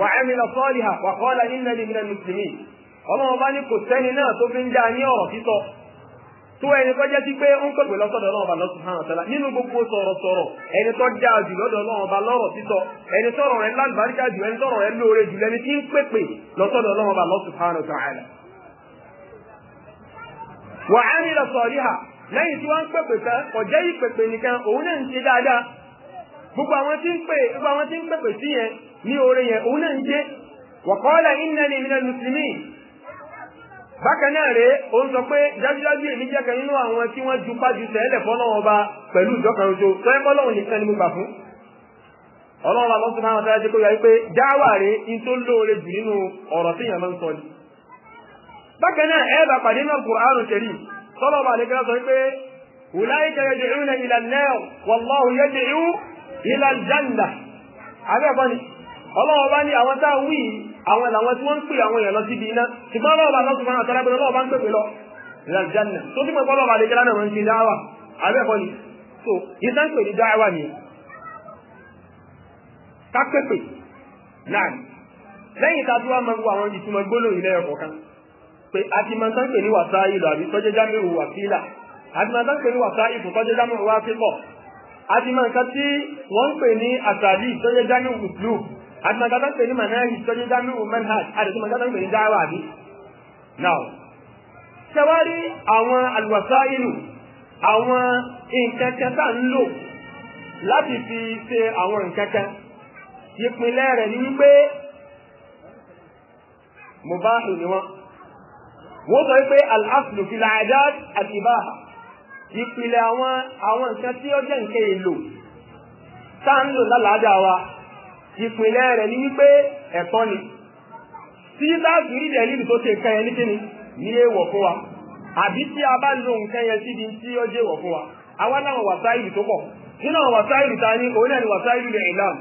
wa 'amila salihan wa qala innani ní kò sẹ́ni náà tó fi ń tó ẹni tó jẹ́ sí pé ó ń pèpè lọ́sọ̀dọ̀ ọba lọ́sùn hàn tẹ́lá nínú gbogbo sọ̀rọ̀sọ̀rọ̀ ẹni tó dáa jù lọ́dọ̀ náà ọba lọ́rọ̀ títọ́ ẹni tọ́rọ̀ rẹ̀ lálùbáríkà jù ẹni tọ́rọ̀ rẹ̀ lóore jù lẹ́ni tí ń pèpè lọ́sọ̀dọ̀ ọba lọ́sùn hàn tẹ́lá. wà á ní lọ sọ̀rí hà lẹ́yìn tí wọ́n pèpè ọ̀jẹ́ yìí pèpè nìkan òun náà ń ṣe dáadáa bákan náà rèé ó ń sọ pé dájúdájú èmi jẹ́ kan nínú àwọn tí wọ́n ju pájú tẹ́lẹ̀ fọlọ́wọ́n ọba pẹ̀lú ìjọkan oṣù tó ẹ́ nìkan ni mo gbà fún. ọlọ́run làwọn tó máa ń sáré kó yọ wípé dáwà rèé tó lóore jù nínú ọ̀rọ̀ tí èèyàn máa ń sọ ni. bákan náà ẹ bá pàdé náà sọ wípé àwọn làwọn tí wọ́n ń pè àwọn èèyàn lọ síbi iná ṣùgbọ́n ọlọ́ọ̀bà lọ́sùn fún àtàrà bẹ̀rẹ̀ ọlọ́ọ̀bà ń pèpè lọ ìlàjánà tó bí pẹ̀lú ọlọ́ọ̀bà lè jẹ́lá náà wọ́n ń ṣe dáwà àbẹ́ẹ̀kọ́ ni so ìta ń pè ní dáwà ni ká pèpè náà lẹ́yìn tá a tún wá máa wo àwọn ìtumọ̀ gbólóhùn ilẹ̀ ẹ̀kọ́ kan pé a ti máa tán pè ní wàsá ìlú àbí tọ́jẹ́ jámẹ́rù wàsílà a ti máa tán pè ní wàsá ìfún tọ́jẹ́ jámẹ́rù wàsíkọ̀ a ti máa nǹkan tí wọ́n ń pè ní àtàlí tọ́jẹ́ jámẹ́rù blue àti màgàtà pè ní manhaj tọ́jú dánú manhaj àti màgàtà pè ní dáwà àbí. now ṣẹwárí àwọn alwasailu àwọn nǹkan kan tá ń lò láti fi ṣe àwọn nǹkan kan ìpínlẹ̀ rẹ̀ ni wípé mubahu ni wọ́n wọ́n sọ pé al-aslu fil adat al-ibaha ìpìlẹ̀ àwọn àwọn nǹkan tí ó jẹ́ nǹkan èlò tá ń lò lálàájá wa ìpìlẹ̀ rẹ̀ ní wípé ẹ̀tọ́ ni tí láti rí dẹ̀lílì tó ṣe nǹkan yẹn ní kíni ní èèwọ̀ fún wa àbí tí a bá lo nǹkan yẹn síbi tí ó jẹ́ èèwọ̀ fún wa àwa náà wàsáìlì tó pọ̀ nínú àwọn wàsáìlì ta ni òun náà ni wàsáìlì rẹ̀ ìlànà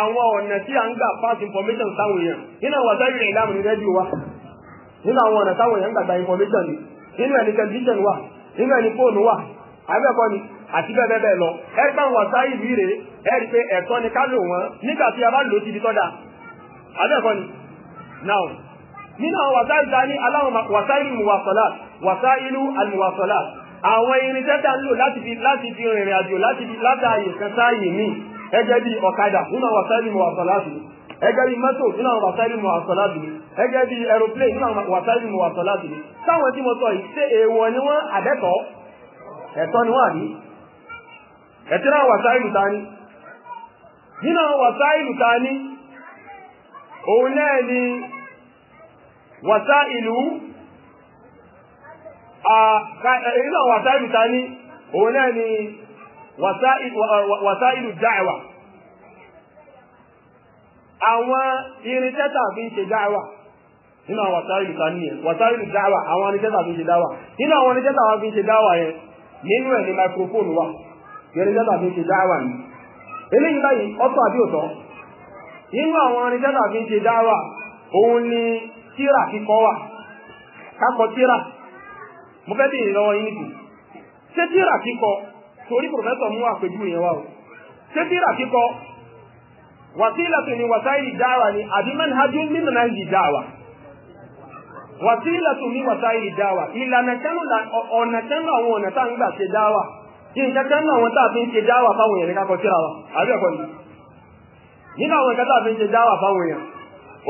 àwọn ọ̀nà tí a ń gbà pass information sáwọn èèyàn nínú àwọn wàsáìlì rẹ̀ ìlànà ní rédíò wa nínú àwọn ọ̀nà táwọn èèyàn gbàgbà information ni nínú ẹni tẹlifíṣàn wa nínú ẹni fóònù wa àbẹ́ẹ̀kọ́ ni àti bẹ́ẹ̀ bẹ́ẹ̀ lọ ẹ̀rí pé àwọn àṣà yìí rèé ẹ̀rí pé ẹ̀tọ́ ni ká lò wọ́n nígbà tí a bá lò ó ti di tọ́da abẹ́ẹ̀kọ́ ni now nínú àwọn wàsá ìta ní aláwọn wàsá ìlú muwasalat wàsá ìlú almuwasalat àwọn irinṣẹ́ tá ń lò láti fi láti fi rìnrìn àjò láti fi látàyè kan sáàyè míì ẹgẹ́ bí ọ̀kadà nínú àwọn wàsá ìlú muwasalat ni ẹgẹ́ bí mọ́tò nínú àwọn wàsá ìlú muwasalat ni ẹgẹ́ bí aeroplane nínú àwọn wàsá ìlú muwasalat ni táwọn tí mo sọ yìí ṣe èèwọ̀ ni wọ́n àbẹ́tọ̀ ẹ̀tọ́ ni wọ́n àbí ẹ̀tẹ́rà wàsáìlù ta ní nínú wàsáìlù òun náà ni wàsáìlù nínú wàsáìlù ta ní òun náà ni wàsáìlù dáẹ̀wà àwọn irinṣẹ́ ń ṣe nínú àwọn àwọn ń ṣe nínú àwọn ni gẹ́gẹ́ bá fi ṣe dáwà ni eléyìí báyìí ọ̀tọ̀ àbí òtọ́ nínú àwọn irinṣẹ́ tàbí ṣe dáwà òun ni tíra kíkọ wà kákọ tíra mo fẹ́ bèèrè lọ́wọ́ yín nìkú ṣé tíra kíkọ torí pòfẹ́sọ̀ mú àpèjúwe yẹn wá o ṣé tíra kíkọ wàsílàtù ni wàsáìlì dáwà ni àbí manhajú nínú náà yìí dáwà wàsílàtù ni wàsáìlì dáwà ìlànà kánú ọ̀nà kánú àwọn ọ̀nà tá à ń gbà ṣe dáwà nǹkan kan náà wọn fi ń ṣe dáwà fáwọn èèyàn ní kakọ síra wa àbí ẹ̀kọ́ ni nínú àwọn nǹkan tá fi ń ṣe dáwà fáwọn èèyàn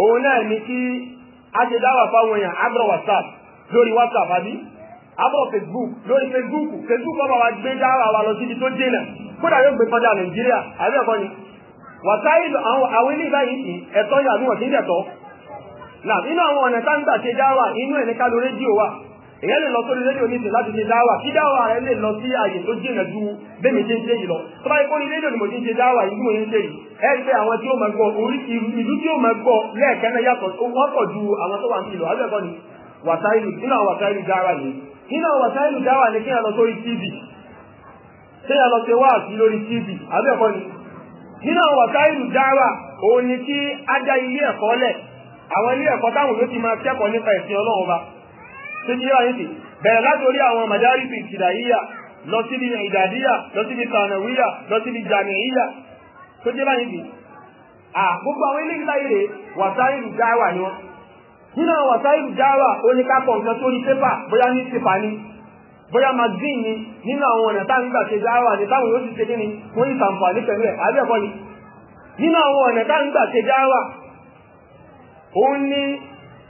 òun náà a fáwọn whatsapp lórí whatsapp facebook lórí facebook facebook wọn wa gbé dáwà wa lọ síbi tó dé náà kódà yóò gbé kọjá nàìjíríà àbí ni wàtáyé àwọn ilé ìbáyìí yà nínú àwọn ọ̀nà tá gbà inú èyàn lè lọ sórí rédíò ní ìsìn láti ṣe dáwà kí dáwà rẹ lè lọ sí àyè tó jìnà ju bẹ́ẹ̀ mi ṣe ń ṣe yìí lọ rédíò ni mo ti ń ṣe dáwà yìí mo ń ṣe yìí ẹ rí i pé àwọn tí ó máa gbọ́ orí ìlú tí ó máa náà yàtọ̀ wọ́n ju àwọn tó wà ní ìlú abẹ́ẹ̀kọ́ ni wàtáìlù nínú àwọn wàtáìlù dáwà nínú àwọn tv lọ ṣe wáàsí tv ni nínú àwọn ṣé ní yára yìí bẹ̀rẹ̀ látòrí àwọn màdárìsì ìtìdáyíyà lọ síbi ìdàdíyà lọ síbi tànàwíyà lọ síbi jàmíyà tó jẹ́ báyìí bì gbogbo àwọn eléyìí láyé rè wàsáìlù dáwà ni wọn nínú àwọn wàsáìlù dáwà oníkápọ̀ nǹkan sórí pépà bóyá ní pépà ni bóyá magazine ni nínú àwọn ọ̀nà táwọn ìgbà ṣe dáwà ni táwọn yóò ti ṣe kí ni wọ́n yìí sàǹfààní pẹ̀lú ẹ̀ àbí ẹ̀kọ́ ni nínú àwọn ọ̀nà táwọn ìgbà ṣe dáwà òun ni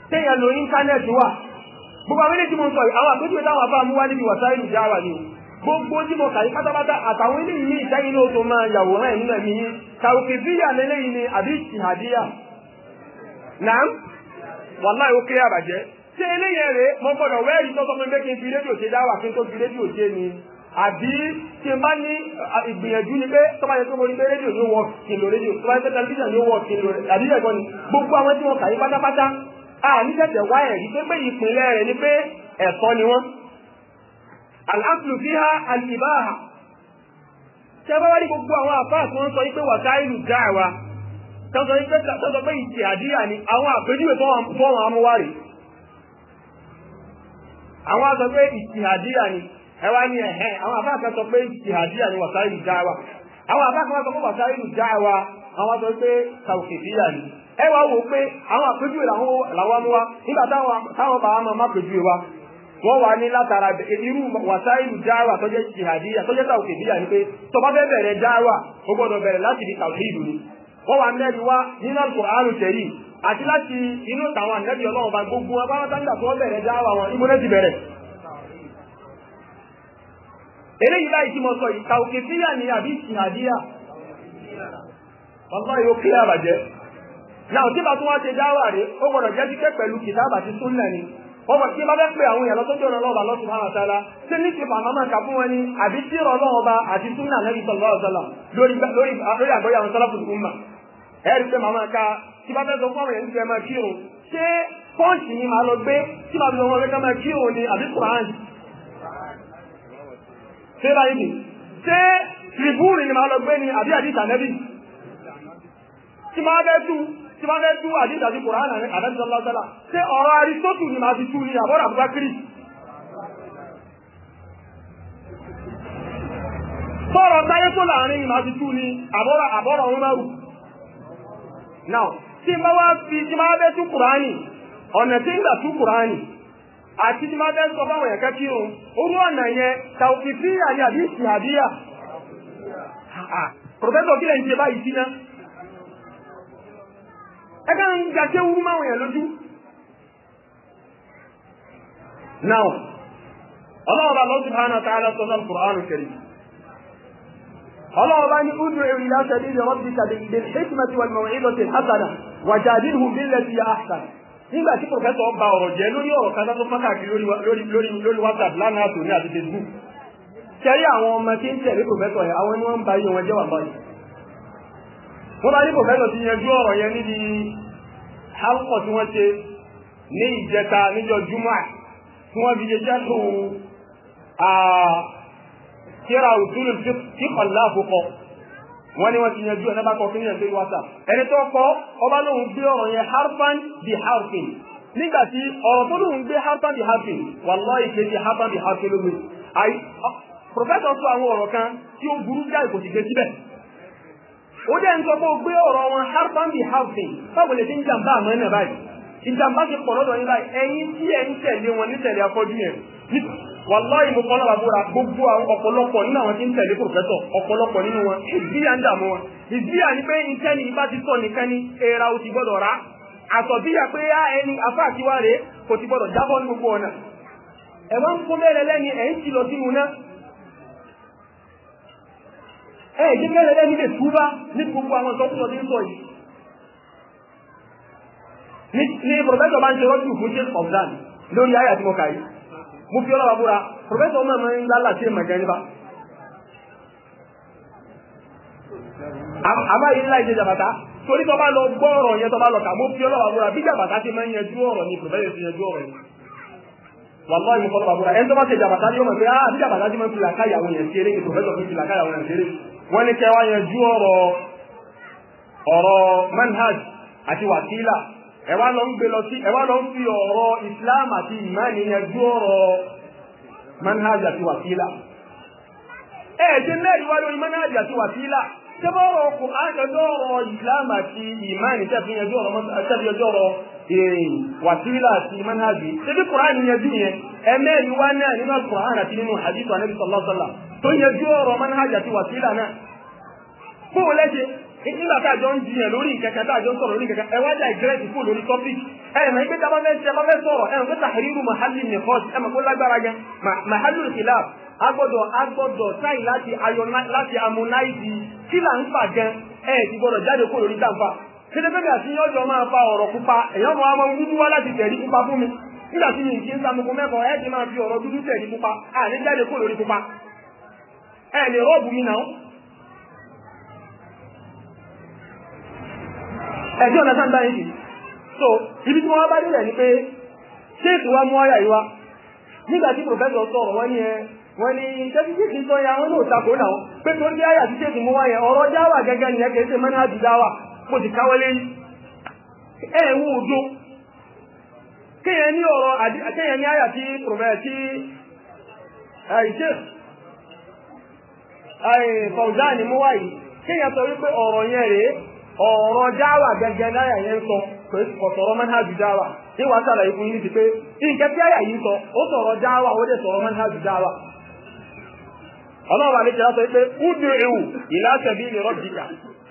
téèyàn lo íńtánẹ́ẹ̀tì wà gbogbo abẹ́lé tí mo ń sọ yìí àwọn àpèjúwe táwọn afá mú wá níbi wàsáì lù jáwà ni gbogbo tí mo kàyí pátápátá àtàwọn eléyìí ní máa yàwòrán ẹ̀ lélẹ́yìn ni àbí ìhàdíyà kéré àbàjẹ́ ṣé eléyìí rèé mo wẹ́ẹ̀rì tó n fi rédíò ṣe dáwà kí n tó fi rédíò ṣe ni àbí tí bá ní ìgbìyànjú ni pé mo pé rédíò ló kìlò rédíò tẹlifíṣàn ló kìlò àbí ẹ̀gbọ́n ni àníjẹ̀jẹ̀ wá ẹ̀rí pé pé ìpínlẹ̀ rẹ̀ ni pé ni wọ́n al-aslu fiha al-ibaha gbogbo àwọn àfáà tí wọ́n sọ wípé wàsáìlù dáẹ̀wá tọ́sọ pé ìtì àdíyà ni àwọn àpèjúwe fọ́ọ̀mù amúwárì àwọn sọ pé ìtì àdíyà ni ẹwà ni ẹ̀hẹ́ àwọn àfáà kan sọ pé ìtì àdíyà ni àwọn àfáà kan sọ pé àwọn sọ pé tàwùkìfìyà ni ẹ wá wò pé àwọn àpèjúwe làwọn mú wa nígbà táwọn bàbá máa má pèjúwe wa wọ́n wà ní látara irú wàsáìlú tàwùkìfìyà ni pé tọba fẹ́ bẹ̀rẹ̀ dáwà ó gbọ́dọ̀ bẹ̀rẹ̀ láti di tàwùkìfìyà ni wọ́n wà mẹ́rin wá nínú Al-Qur'an Karim àti láti inú tàwọn ànẹ́bí ọlọ́run bá gbogbo wàlúwà yóò kílẹ̀ àbàjẹ́ náà tí bàtún wá ṣe dáwà rè ó gbọdọ̀ jẹ́ kíkẹ́ pẹ̀lú kìtàbà ti súnlẹ̀ ni wọ́n bọ̀ tí bá fẹ́ pé àwọn èèyàn lọ́sọ́jọ́ ọ̀nà lọ́ba lọ́sùn máa ta la ṣé ní ti a máa kà fún wọn ni àbí tí ọba àti sọ̀rọ̀ lórí àgbọ̀yà sọ́lá fún ẹ rí pé màmá ka tí bá fẹ́ sọ fún àwọn èèyàn ti ẹ máa ṣé pọ́ǹsì ni màá lọ gbé tí fẹ́ ká máa ni àbí ṣé báyìí ni ṣé tribune tí máa bẹ́ tú tí máa bẹ́ tú Se àti kòrán àná àdájọ́ sọ́lá ṣé ni màá fi tú ní àbọ̀rọ̀ àbúgbákiri. sọ̀rọ̀ táyé tó láàrin ni màá fi tú ní àbọ̀rọ̀ now tí máa wá fi tí máa bẹ́ tú kòránì ọ̀nà tí ń gbà tú kòránì àti tí máa bẹ́ sọ fáwọn ẹ̀kẹ́ kírun orú ọ̀nà yẹn tàwùkì sí àyàbí ìsìn àbíyà. pòfẹ́sọ̀ kí lẹ́yìn ti báyìí ẹ ká ń gàṣẹ́ wúrú máwọn yẹn lójú. now ọlọ́wọ́ bá Allah subhanahu wa ta'ala sọ́nà al-Qur'an al-Karim. ọlọ́wọ́ bá ní ud'u ila sabili rabbika bil-hikmati wal-maw'izati al-hasana wajadilhum billati hiya ahsan. nígbà tí pòfẹ́sọ̀ ọba ọ̀rọ̀ jẹ́ lórí ọ̀rọ̀ kan tó fọ́n káàkiri lórí whatsapp lánàá àtòní àti facebook. kẹ́rí àwọn ọmọ tí ń tẹ̀lé pòfẹ́sọ̀ yẹn àwọn ni wọ́n ń wọ́n bá níbò fẹ́lọ̀ ti yanjú ọ̀rọ̀ yẹn níbi halkọ̀ tí wọ́n ṣe ní ìjẹta níjọ júmọ́ tí wọ́n fi jẹjẹ́ tó kíra òtúlù tí kọ̀ láàkókọ̀ wọ́n ní wọ́n ti yanjú ẹ̀nà bá kọ kí ní ẹ̀gbẹ́ wáta ẹni tó kọ́ ọba lóun gbé ọ̀rọ̀ yẹn harfan di harfin nígbà tí ọ̀rọ̀ tó lóun gbé harfan di harfin wallahi kejì harfan di harfin ló gbé professor sọ àwọn ọ̀rọ̀ kan tí ó burú jáì kò sì gbé síbẹ̀ ó dẹ̀ ń sọ pé o gbé ọ̀rọ̀ wọn harfan bi harfin báwo lè ti àmọ́ náà báyìí ìjàǹbá ti pọ̀ lọ́dọ̀ yín báyìí ẹ̀yin tí ẹ̀ ń tẹ̀lé wọn ní tẹ̀lé afọ́jú yẹn wàláyé mo kọ́ lọ́wọ́ àbúrò àwọn ọ̀pọ̀lọpọ̀ nínú àwọn tí ń tẹ̀lé pòfẹ́sọ̀ ọ̀pọ̀lọpọ̀ nínú ni pé sọ nìkan ni ti gbọ́dọ̀ ẹni rèé kò ti ẹ ẹ jẹ́kẹ́ lẹ́dẹ́ nílé túbá ní gbogbo àwọn ìsọkúsọ tí ń sọ yìí ní pòfẹ́sọ̀ bá ń ṣe rọ́jù fún james of dan lórí ayé àti mọ̀kà yìí mo fi ọlọ́wà búra pòfẹ́sọ̀ ọmọ mi ń lálà sí ìmọ̀gá nípa àmọ́ yìí láì ṣe jàbàtà torí tó bá lọ gbọ́ ọ̀rọ̀ yẹn tó bá lọ kà mo fi ọlọ́wà búra bí jàbàtà ti máa ń yanjú ọ̀rọ̀ ni pòfẹ́sọ̀ ti yanjú ọ̀rọ̀ yìí wàlọ́ ìmọ̀fọ́lọ́wà búra ẹni tó bá ṣe jàbàtà yóò mọ̀ pé ah bí jàbàtà ti máa ń fi làkàyàwó yẹn ṣeré ni pòfẹ́sọ̀ fi làkàyàwó yẹn ṣeré wọ́n ní kẹwa yanjú ọ̀rọ̀ ọ̀rọ̀ manhaj àti wàkílà ẹ̀wá lọ ń gbé lọ sí ẹ̀wá lọ ń fi ọ̀rọ̀ islam àti ìmáàní yanjú ọ̀rọ̀ manhaj àti wàkílà ẹ̀ẹ́dẹ́ mẹ́rin wá lórí manhaj àti wàkílà tẹ́bọ̀rọ̀ kò ájọ́jọ́ ọ̀rọ̀ islam àti ìmáàní tẹ́fìyànjú ọ̀rọ̀ wàsíwìlà àti manhaji ṣébí kùránì yanjú yẹn ẹ̀mẹ́rin wá náà o a jọ ń jiyàn lórí nǹkankan tá a jọ ń sọ̀rọ̀ lórí nǹkankan ẹ a bá fẹ́ ṣe a bá fẹ́ sọ̀rọ̀ ẹ mọ̀ pé Ma mahali nìkọ́s ẹ mọ̀ pé lágbára ka mahali ìlà agbọ́dọ̀ agbọ́dọ̀ táyì láti ayọ̀ láti amúnáìsì kí là ti kíni pé gàtí ma máa fa ọ̀rọ̀ pupa èèyàn máa máa ń dúdú wá láti tẹ̀lé pupa fún mi nígbà tí mi kì í ma mẹ́kọ̀ọ́ ẹ̀ ti máa fi ọ̀rọ̀ dúdú tẹ̀lé pupa àní jáde kó lórí pupa ẹ̀ lè rọ́ọ̀bù mi náà. ẹ̀jẹ̀ ọ̀nà sáńdá yìí so ibi tí wọ́n bá wa mú yìí wa nígbà tí pòfẹ́sọ̀ sọ̀rọ̀ wọ́n ní ẹ wọ́n ní sọ ya wọn ló takò náà pé torí ayà mú ọ̀rọ̀ dáwà gẹ́gẹ́ ṣe mo sì káwọ́ lé ẹ̀ ojú kéèyàn ní ọ̀rọ̀ kéèyàn ní àyà tí prọfẹ̀ àìṣe àìfọ̀dá ni mo yìí kéèyàn sọ wípé ọ̀rọ̀ yẹn rèé ọ̀rọ̀ jáwà gẹ́gẹ́ láyà yẹn sọ pé ọ̀sọ̀rọ̀ manhajù dáwà wàá sàlàyé fún yín ti pé nǹkan tí àyà yìí sọ ó sọ̀rọ̀ ó dẹ̀ sọ̀rọ̀ sọ ó ewu ìlà sẹ̀bí ìrọ̀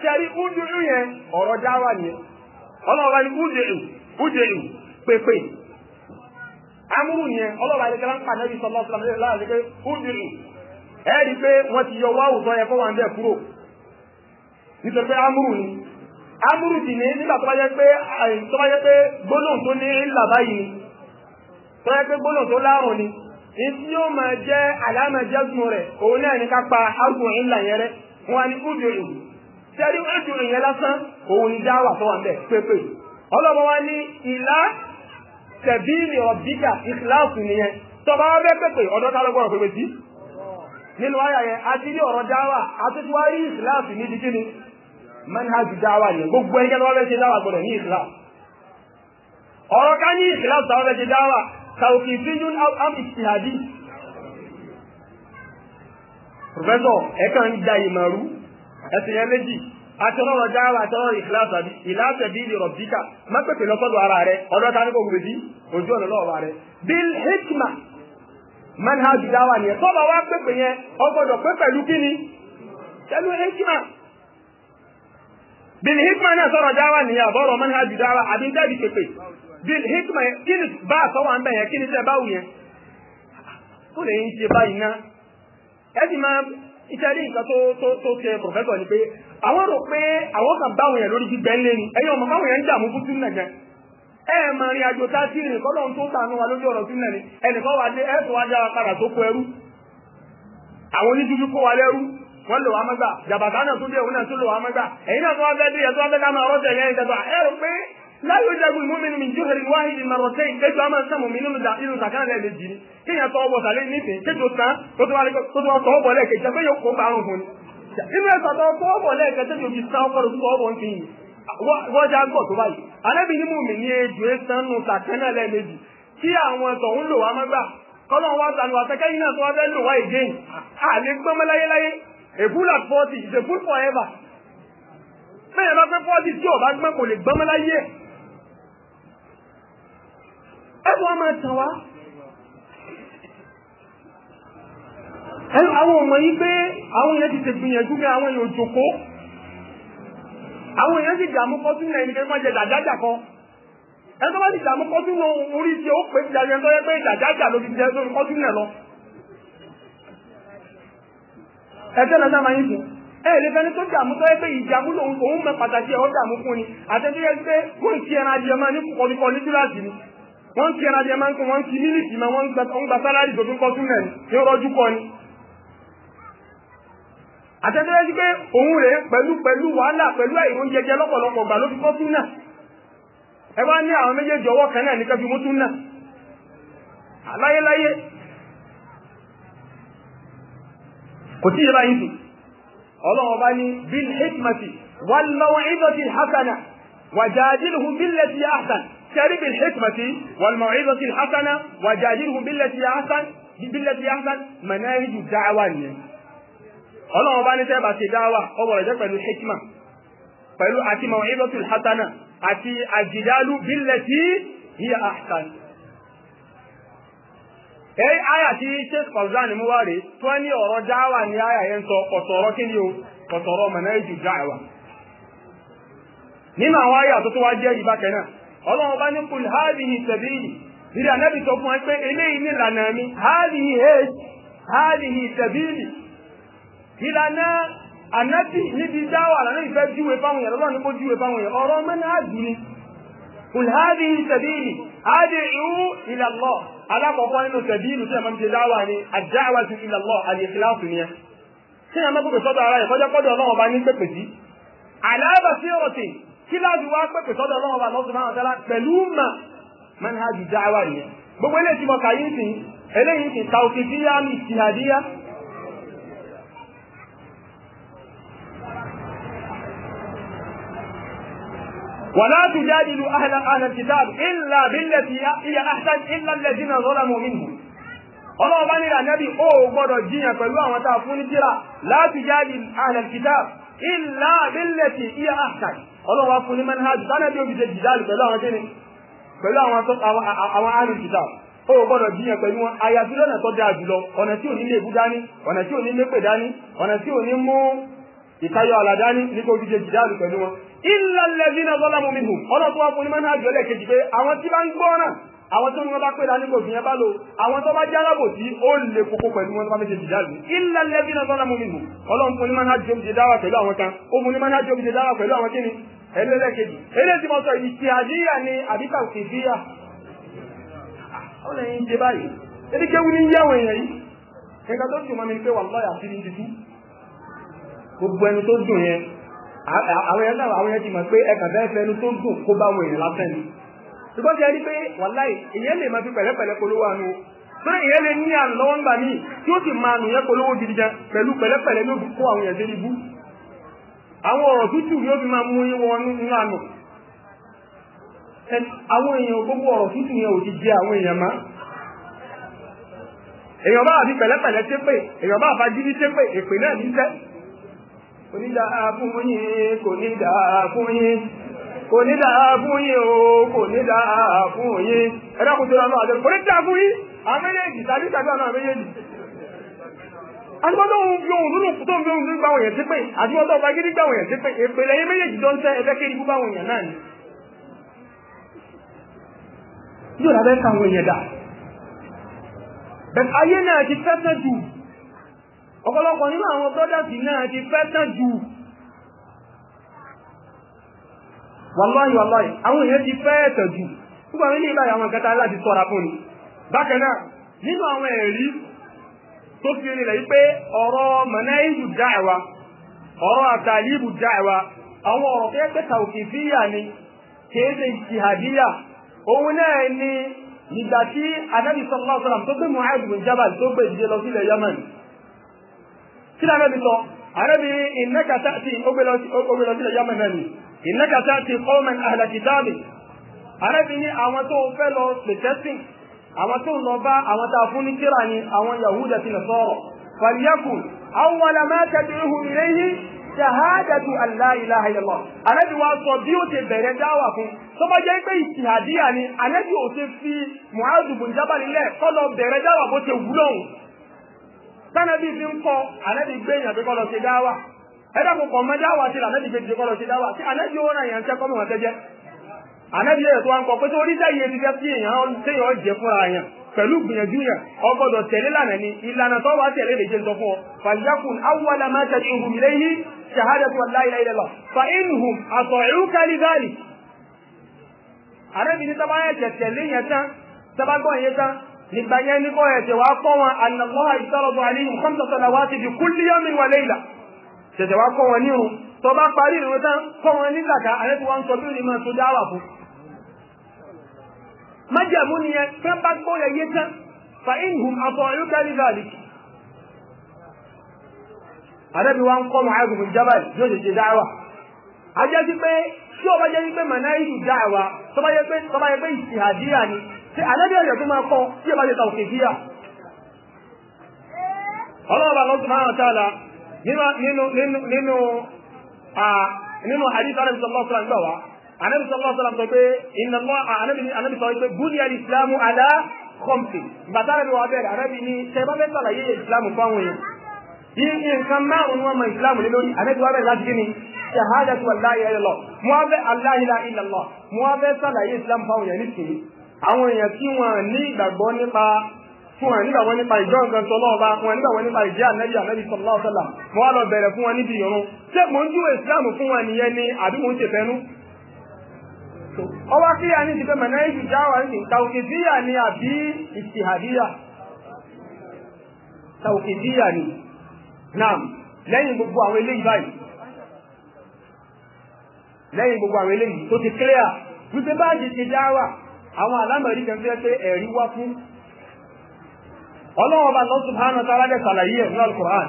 sẹ́rí údùrú yẹn ọ̀rọ̀ dáwà nìyẹn ọlọ́ọ̀bá ni údùrú údùrú pépè amúrú yẹn ọlọ́ọ̀bá yẹn kẹlá ń pa nẹ́bí sọlá ọ̀sán lẹ́yìn láàrin pé údùrú ẹ rí i pé wọ́n ti yọ wáwù sọ yẹn fọwọ́n kúrò ni ní nígbà tó bá yẹ pé tó bá yẹ pé gbólóhùn tó ní ńlá báyìí ni tó yẹ ni yóò máa jẹ́ rẹ̀ òun náà ní ká pa sẹ́rí ojú ìyẹn lásán òun ni dáwà tó wà ń bẹ̀ pépè ọlọ́mọ wa ní ìlà tẹ̀bíìlì ọ̀bíkà ìkìláàsì nìyẹn tọba wa bẹ́ pépè ọ̀dọ́ tá lọ́gbọ́n pépè sí nínú yẹn a ti rí ọ̀rọ̀ dáwà a ti wá rí ìkìláàsì ní dídí ni manhajù dáwà yẹn gbogbo ẹni kẹ́tọ́ wa bẹ́ ṣe dáwà gbọ́dọ̀ ní ìkìláàsì ọ̀rọ̀ ká ní ìkìláàsì ẹ̀sìn yẹn méjì atọ́rọ̀ dáwà atọ́rọ̀ ìkìláàsì àbí ìlàsẹ̀ bíi lè rọ̀bíkà má pèpè lọ́sọ́dọ̀ ara rẹ ọ̀dọ́ ta ni kò gbèdí ojú ọ̀nà lọ́wọ́ rẹ bil hikma manhaju dáwà nìyẹn tọ́ba wá pèpè yẹn ọgbọ́dọ̀ pé pẹ̀lú kíni pẹ̀lú hikma bil hikma náà sọ̀rọ̀ dáwà nìyẹn àbọ̀rọ̀ manhaju dáwà àbí dábì pèpè bil hikma yẹn kíni bá a sọ̀wọ́ àmbẹ̀ yẹn kíni tẹ́ ìtẹ́rí nǹkan tó tó tó tẹ pòfẹ́sọ̀ ni pé àwọn rò pé àwọn kan báwọn yẹn lórí gbígbẹ́ ẹ̀yin ọmọ báwọn yẹn ń dààmú fún ẹ mọ ìrìn àjò a ti rìn kọ́lọ́ tó sànú wa lójú ọ̀rọ̀ súnà ẹnìkan wà dé ẹ̀ tó wá dá wa padà tó kó ẹrú àwọn onídùúdú kó wa lẹ́rú wọ́n lò wá mọ́gbà jàbàtà náà dé òun náà lò wá mọ́gbà ẹ̀yin náà tó wá fẹ́ la yujabu al-mu'minu min juhrin wahidin marratayn kéjọ a máa ń sàmù mí nínú ìdá inú ìdàkánná lẹ́ẹ̀ méjì ni kéèyàn tọ́ ọbọ̀ sàlẹ̀ nísìnyí kéjọ tán tó tó wá tọ́ ọbọ̀ lẹ́ẹ̀kejì pé yóò kó parun fún ni. nínú ẹ̀sọ́ tó tọ́ ọbọ̀ lẹ́ẹ̀kejì a forever. ẹ̀bùn ọmọ ẹ̀tàn wá àwọn ọmọ yìí pé àwọn èèyàn ti tè gbìyànjú pé àwọn èèyàn òjòkó àwọn èèyàn ti dààmú kọ́ sínú ẹ̀yìn kẹ́kọ́ jẹ dàdájà kan ẹni tó bá ti dààmú kọ́ sínú orí ti ó pè jà yẹn tó yẹ pé dàdájà ló ti jẹ lórí kọ́ sínú ẹ̀ lọ. ẹ̀tẹ́ lọ́sà máa ń sùn ẹ lè fẹ́ni tó dààmú tó yẹ pé ìdààmú lòun òun mọ pàtàkì ẹ̀ ó dààmú fún ni àtẹ̀tẹ̀ yẹ pé wọ́n ti ẹran adìyẹ máa ní kọ́ni wọ́n ń kí ẹnadìẹ máa ń kọ́ wọ́n ń kí mílíkì máa wọ́n ń gba sálárì tó fi ń kọ́ súnmẹ̀ ní rọ́jú kọ́ ni. àtẹ́tẹ́rẹ́ sí pé òun rèé pẹ̀lú pẹ̀lú wàhálà pẹ̀lú àìrò oúnjẹ jẹ lọ́pọ̀lọpọ̀ gbà ló fi kọ́ ẹ ní àwọn méjèèjì ọwọ́ kan náà mú kò tí ì sẹ́rí bil hikmati wal maw'izati al hasana wajadilhum billati ahsan billati ahsan manahiju da'wa nìyẹn ọlọ́run bá ní sẹ́ẹ̀bà ṣe dáwà ọwọ́ rẹ̀ jẹ́ pẹ̀lú hikma pẹ̀lú àti maw'izatul hasana àti àjìdálù billati hiya ahsan. ẹ̀rí àyà tí sheikh fauzan mú wá rè tó ní ọ̀rọ̀ dáwà ní àyà yẹn sọ ọ̀sọ̀rọ̀ kí ni o ọ̀sọ̀rọ̀ manahiju da'wa. nínú àwọn àyà tó tó wá jẹ́ ìbákẹ́ náà ọlọ́run bá ní kul hádìhì sẹ̀bíìlì ìdí ànábì sọ fún ẹ pé eléyìí ní ìlànà mi hádìhì hèj hádìhì sẹ̀bíìlì ìlànà ànábì níbi dáwà àlànà ìfẹ́ júwe fáwọn èèyàn lọ́nà níbo júwe fáwọn èèyàn ọ̀rọ̀ mẹ́ni àdùn ni kul hádìhì sẹ̀bíìlì ad'u ila Allah alákọ̀ọ́kọ́ nínú sẹ̀bíìlì tí a máa ń ṣe dáwà ni ad-da'watu ila Allah al-ikhlasu nìyẹn tí a kí láti wá pèpè sọ́dọ̀ ọlọ́run ọba lọ́sùn máa tẹ́lá pẹ̀lú mà manhaj da'wa nìyẹn gbogbo eléyìí tí mo kà yín sìn eléyìí sìn tawqifiyya mi tìhàdíyà. ولا تجادلوا أهل أهل الكتاب إلا بالتي هي أحسن إلا الذين ظلموا منهم ọlọ́run bá nílà nẹ́bí ó gbọ́dọ̀ jiyàn pẹ̀lú àwọn tá a fún ní tíra láti jáde àhàlẹ̀ kìtà ìlà bílẹ̀tì ìyá àṣàì ọlọ́run wá fún ní manhaj dáná bí òbí ṣe jìdáàlì pẹ̀lú àwọn kíni pẹ̀lú àwọn àrùn jìdáàlì ó gbọ́dọ̀ jiyàn pẹ̀lú wọn àyàfi lọ́nà tó dáa jùlọ ọ̀nà tí ò ní lè bú dání ọ̀nà tí ò ní lépè dání ọ̀nà tí ò ní mú ìtayọ̀ àlà dání ní kó fi ṣe jìdáàlì pẹ̀lú wọn. illal ladhina zalamu minhum ọlọ́tún wá fún ní manhaj ẹlẹ́kejì pé àwọn tí bá ń gbọ́ náà àwọn tó ń wọn bá pè dání kò fìyẹn bá lò àwọn tó bá jẹ́ alábò tí ó lè koko pẹ̀lú wọn tó bá méjèèjì jáde ilẹ̀ lẹ́bí náà sọ́nà mú mi nù ọlọ́run fún ní máa ń hajj dáwà pẹ̀lú àwọn kan ó fún ní máa ń hajj dáwà pẹ̀lú àwọn kíni ẹlẹ́lẹ́kejì eléyìí mọ́tò ìdìtì àdíyà ni àbíkà òkè bíyà ó lè ń jẹ báyìí ebi kéwu ní yẹ̀wò èèyàn yìí nǹkan tó dùn ya mi pé wà lọ́ọ̀yà sí ní títí gbogbo ẹnu tó dùn yẹn àwọn yẹn náà àwọn yẹn ti mọ̀ pé bẹ́ẹ̀ fẹ́ tó dùn kó bá lásán ni ṣùgbọ́n ti ẹni pé lè máa fi pẹ̀lẹ́pẹ̀lẹ́ polówó àánú lè ní ńgbà míì tí ó sì máa nù yẹn polówó gidi pẹ̀lú pẹ̀lẹ́pẹ̀lẹ́ ló fi kó àwọn àwọn ọ̀rọ̀ tútù yóò fi máa mú yí wọn nínú àná àwọn èèyàn gbogbo ọ̀rọ̀ tútù yẹn ò ti jẹ àwọn èèyàn má èèyàn bá àfi pẹ̀lẹ́pẹ̀lẹ́ ṣépè èèyàn bá àfa jíjí ṣépè èpè náà ní jẹ́ kò ní dáa fún yín kò ní dáa fún yín kò ní dáa fún yín ẹ̀rọ kò tó lọ́nà àjọ kò ní dáa fún yín àwọn méjèèjì tàbí tàbí àwọn méjèèjì àdúgbọ́tọ̀ òun fi òun lónìí tó ń fi òun gbà wọ̀nyẹn sí pé àdúgbọ́tọ̀ ọba gidi gbà wọ̀nyẹn sí pé èpè lẹ́yìn méjèèjì tó ń tẹ́ ẹgbẹ́ kéde gbúgbà wọ̀nyẹn náà ni. yóò lábẹ́ ka àwọn èèyàn dà bẹ́ẹ̀ ayé náà ti fẹ́ tán jù ọ̀pọ̀lọpọ̀ nínú àwọn brọ́dàsì náà ti fẹ́ tán jù wàláhì wàláhì àwọn èèyàn ti fẹ́ tán jù gbogbo àwọn ilé ìbáyà àwọn kẹta láti sọ̀rọ̀ fún mi bákan náà nínú àwọn ẹ̀rí tó fi rinlẹ̀ yìí pé ọ̀rọ̀ mọ̀nẹ́yìbù dáẹ̀wá ọ̀rọ̀ àtàlíbù dáẹ̀wá àwọn ọ̀rọ̀ tó yẹ pé tàwùkìfíyà ni kìí ṣe ìtìhàdíyà òun náà ni ìgbà tí anábì sallallahu alaihi wasallam tó gbé Mu'adh bin Jabal tó gbé ìdíje lọ sílẹ̀ Yemen kí lóò anábì sọ anábì innaka ta'ti ó gbé lọ sílẹ̀ Yemen náà ni innaka ta'ti qawman ahla kitabi àwọn tó fẹ́ lọ pètẹ́sìn àwọn tó lọ bá àwọn tá a fún ní kíra ni àwọn yahuda ti nasara falyakun awwala ma tad'uhum ilayhi shahadatu an la ilaha illallah wa sọ bí ó ti bẹ̀rẹ̀ dáwà fún tó bá jẹ́ pé ni anabi ò ti fi mu'adh bin jabal lẹ̀ kọ́ lọ bẹ̀rẹ̀ dáwà bó ti wúlò ń tánàbí fi ń kọ anabi gbé yàn lọ dáwà ẹ̀dá kò kọ̀ ànábi yẹn tó wá ń kọ pé torí sẹ́yìn ti fẹ́ sí èèyàn téèyàn jẹ fúnra yẹn pẹ̀lú gbìyànjú yẹn ọgbọ́dọ̀ tẹ̀lé lànà ni ìlànà tó wá tẹ̀lé lè jẹ́ sọ fún ọ. fàlíyàkùn awwala ma tẹ̀lé ihun ilé yìí shahadatu an la ilaha illallah fa inhum ata'uka li dhalik. ànábi ní sábà yẹn tẹ̀lé yẹn tán sábà gbọ́ yẹn tán nígbà yẹn ní kọ́ ẹ̀jẹ̀ wá kọ́ wọn anallaha ìsọ̀rọ̀ bọ̀ àlẹ́ yìí khamsa salawati bi kulli wá kọ́ wọn nírun tó májẹ̀mú nìyẹn pé bá gbọ́ yẹ yé tán fa inhum afọ ayúkẹ́ nígbàdì. àdẹ́bí wa ń kọ́ màáyàgùn fún jábàl yóò ṣe ṣe dáwà. ajẹ́ sí pé tí o bá jẹ́ pé mànáyìí dáwà tó yẹ pé ìṣìhàdíyà ni ṣe àdẹ́bí ọ̀yọ́ tó máa kọ́ tí o bá jẹ́ tàwọn kèjìyà. ọlọ́run lọ sí máa ta la nínú nínú nínú anabi sọlá sọlá sọ pé iná mọ anabi sọ pé bùnú yà ìsìlámù àdá kọ́mpì bàtà rẹ̀ wà bẹ̀rẹ̀ anabi ni sẹ́bà bẹ́ẹ̀ sàlàyé ìsìlámù fáwọn yẹn yìí nǹkan márùn wọn mọ ìsìlámù lé lórí anabi wà bẹ̀rẹ̀ láti kíni ṣahada tu aláì ẹ̀ lọ mo wá bẹ́ aláì la ilẹ̀ lọ mo wá bẹ́ sàlàyé ìsìlámù fáwọn yẹn nísìnyí àwọn èèyàn tí wọn ní ìgbàgbọ́ nípa fún wọn nígbà wọn nípa ìjọ nǹkan tó lọ́wọ́ bá fún wọn nígbà wọn nípa ìjẹ́ ànábì ànábì sọ̀rọ̀ láwùsọ̀là wọn á lọ bẹ̀rẹ̀ fún wọn níbi ìrún ṣé mò ń dúró ìsìlámù fún wọn nìyẹn ni àbí mò ń ṣèfẹ́nu ọwọ́ kíyà ní ti pé mẹ̀nẹ́ẹ̀sì jáwà ní tàùkìdíyà ni àbí ìtìhàdíyà ni naam lẹ́yìn gbogbo àwọn eléyìí báyìí lẹ́yìn gbogbo àwọn eléyìí tó ti clear wípé báyìí ti jáwà àwọn alámọ̀rí kan fẹ́ pé ẹ̀rí wá fún ọlọ́wọ́ bá lọ subhanahu wa ta'ala dẹ̀ sàlàyé ẹ̀ nínú alukur'an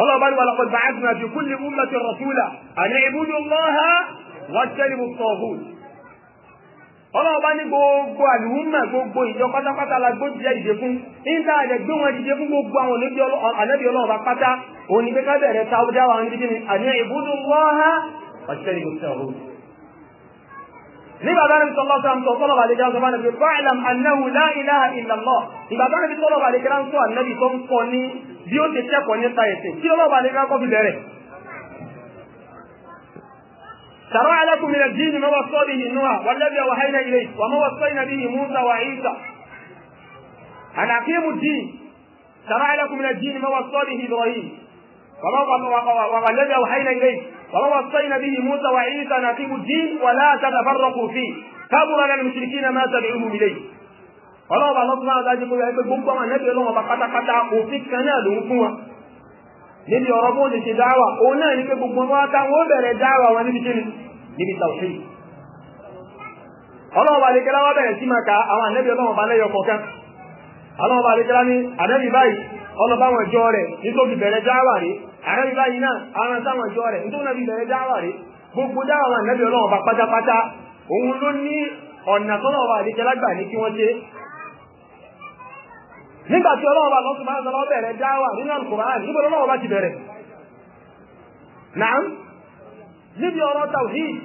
ọlọ́wọ́ bá ní wàlá qad ba'athna fi kulli ummatin rasula ọlọ́run bá ní gbogbo àlùmọ́ gbogbo ìjọ pátápátá la gbó jẹ́ ìdè fún níta àjẹ gbé wọn dìde fún gbogbo àwọn olóbi ànábì ọlọ́run bá pátá òun ni pé ká bẹ̀rẹ̀ sáwọ́dá wa ní kíni àní ìbúdó wọ́há ọ̀ṣẹ́ni kò sẹ́ òun. nígbà bá níbi sọlọ́ sọ àmì sọlọ́ bàlẹ̀ jáde sọ́mọ́ níbi fáìlàm annahu la ilaha illallah ìgbà bá níbi sọlọ́ bàlẹ̀ jáde sọ ànábì tó ń kọ ní bí ó ti tẹ́kọ̀ọ́ nípa ẹ̀sìn kí ọlọ́ شرع لكم من الدين ما وصى به نوح والذي اوحينا اليه وما وصينا به موسى وعيسى ان اقيموا الدين شرع لكم من الدين ما وصى به ابراهيم والذي اوحينا اليه وما وصينا به موسى وعيسى ان اقيموا الدين ولا تتفرقوا فيه كبر على المشركين ما تدعوهم اليه ولو بعض lọ́sùn náà dájú pé gbogbo àwọn ẹ̀mẹ́tẹ̀ẹ́lọ́wọ́n bá pátápátá òfin kan náà níbi ọ̀rọ̀ bó ṣe ṣe dáwà òun náà ní pé gbogbo wọn ká wọn bẹ̀rẹ̀ dáwà wọn níbi kíni níbi tàwùsí. ọlọ́run bá lékelá wá bẹ̀rẹ̀ sí máa ka àwọn ànẹ́bí ọlọ́run bá lẹ́yọ kọ̀ọ̀kan ọlọ́run lékelá ní ànẹ́bí báyìí wọn jọ rẹ̀ nítorí bẹ̀rẹ̀ dáwà rẹ̀ ànẹ́bí báyìí náà àwọn jọ rẹ̀ ní nígbà tí ọlọ́run bá lọ́sùn máa ń lọ bẹ̀rẹ̀ dáwà nínú Al-Qur'an níbo lọ́wọ́ bá ti bẹ̀rẹ̀ náà níbi ọ̀rọ̀ tawhid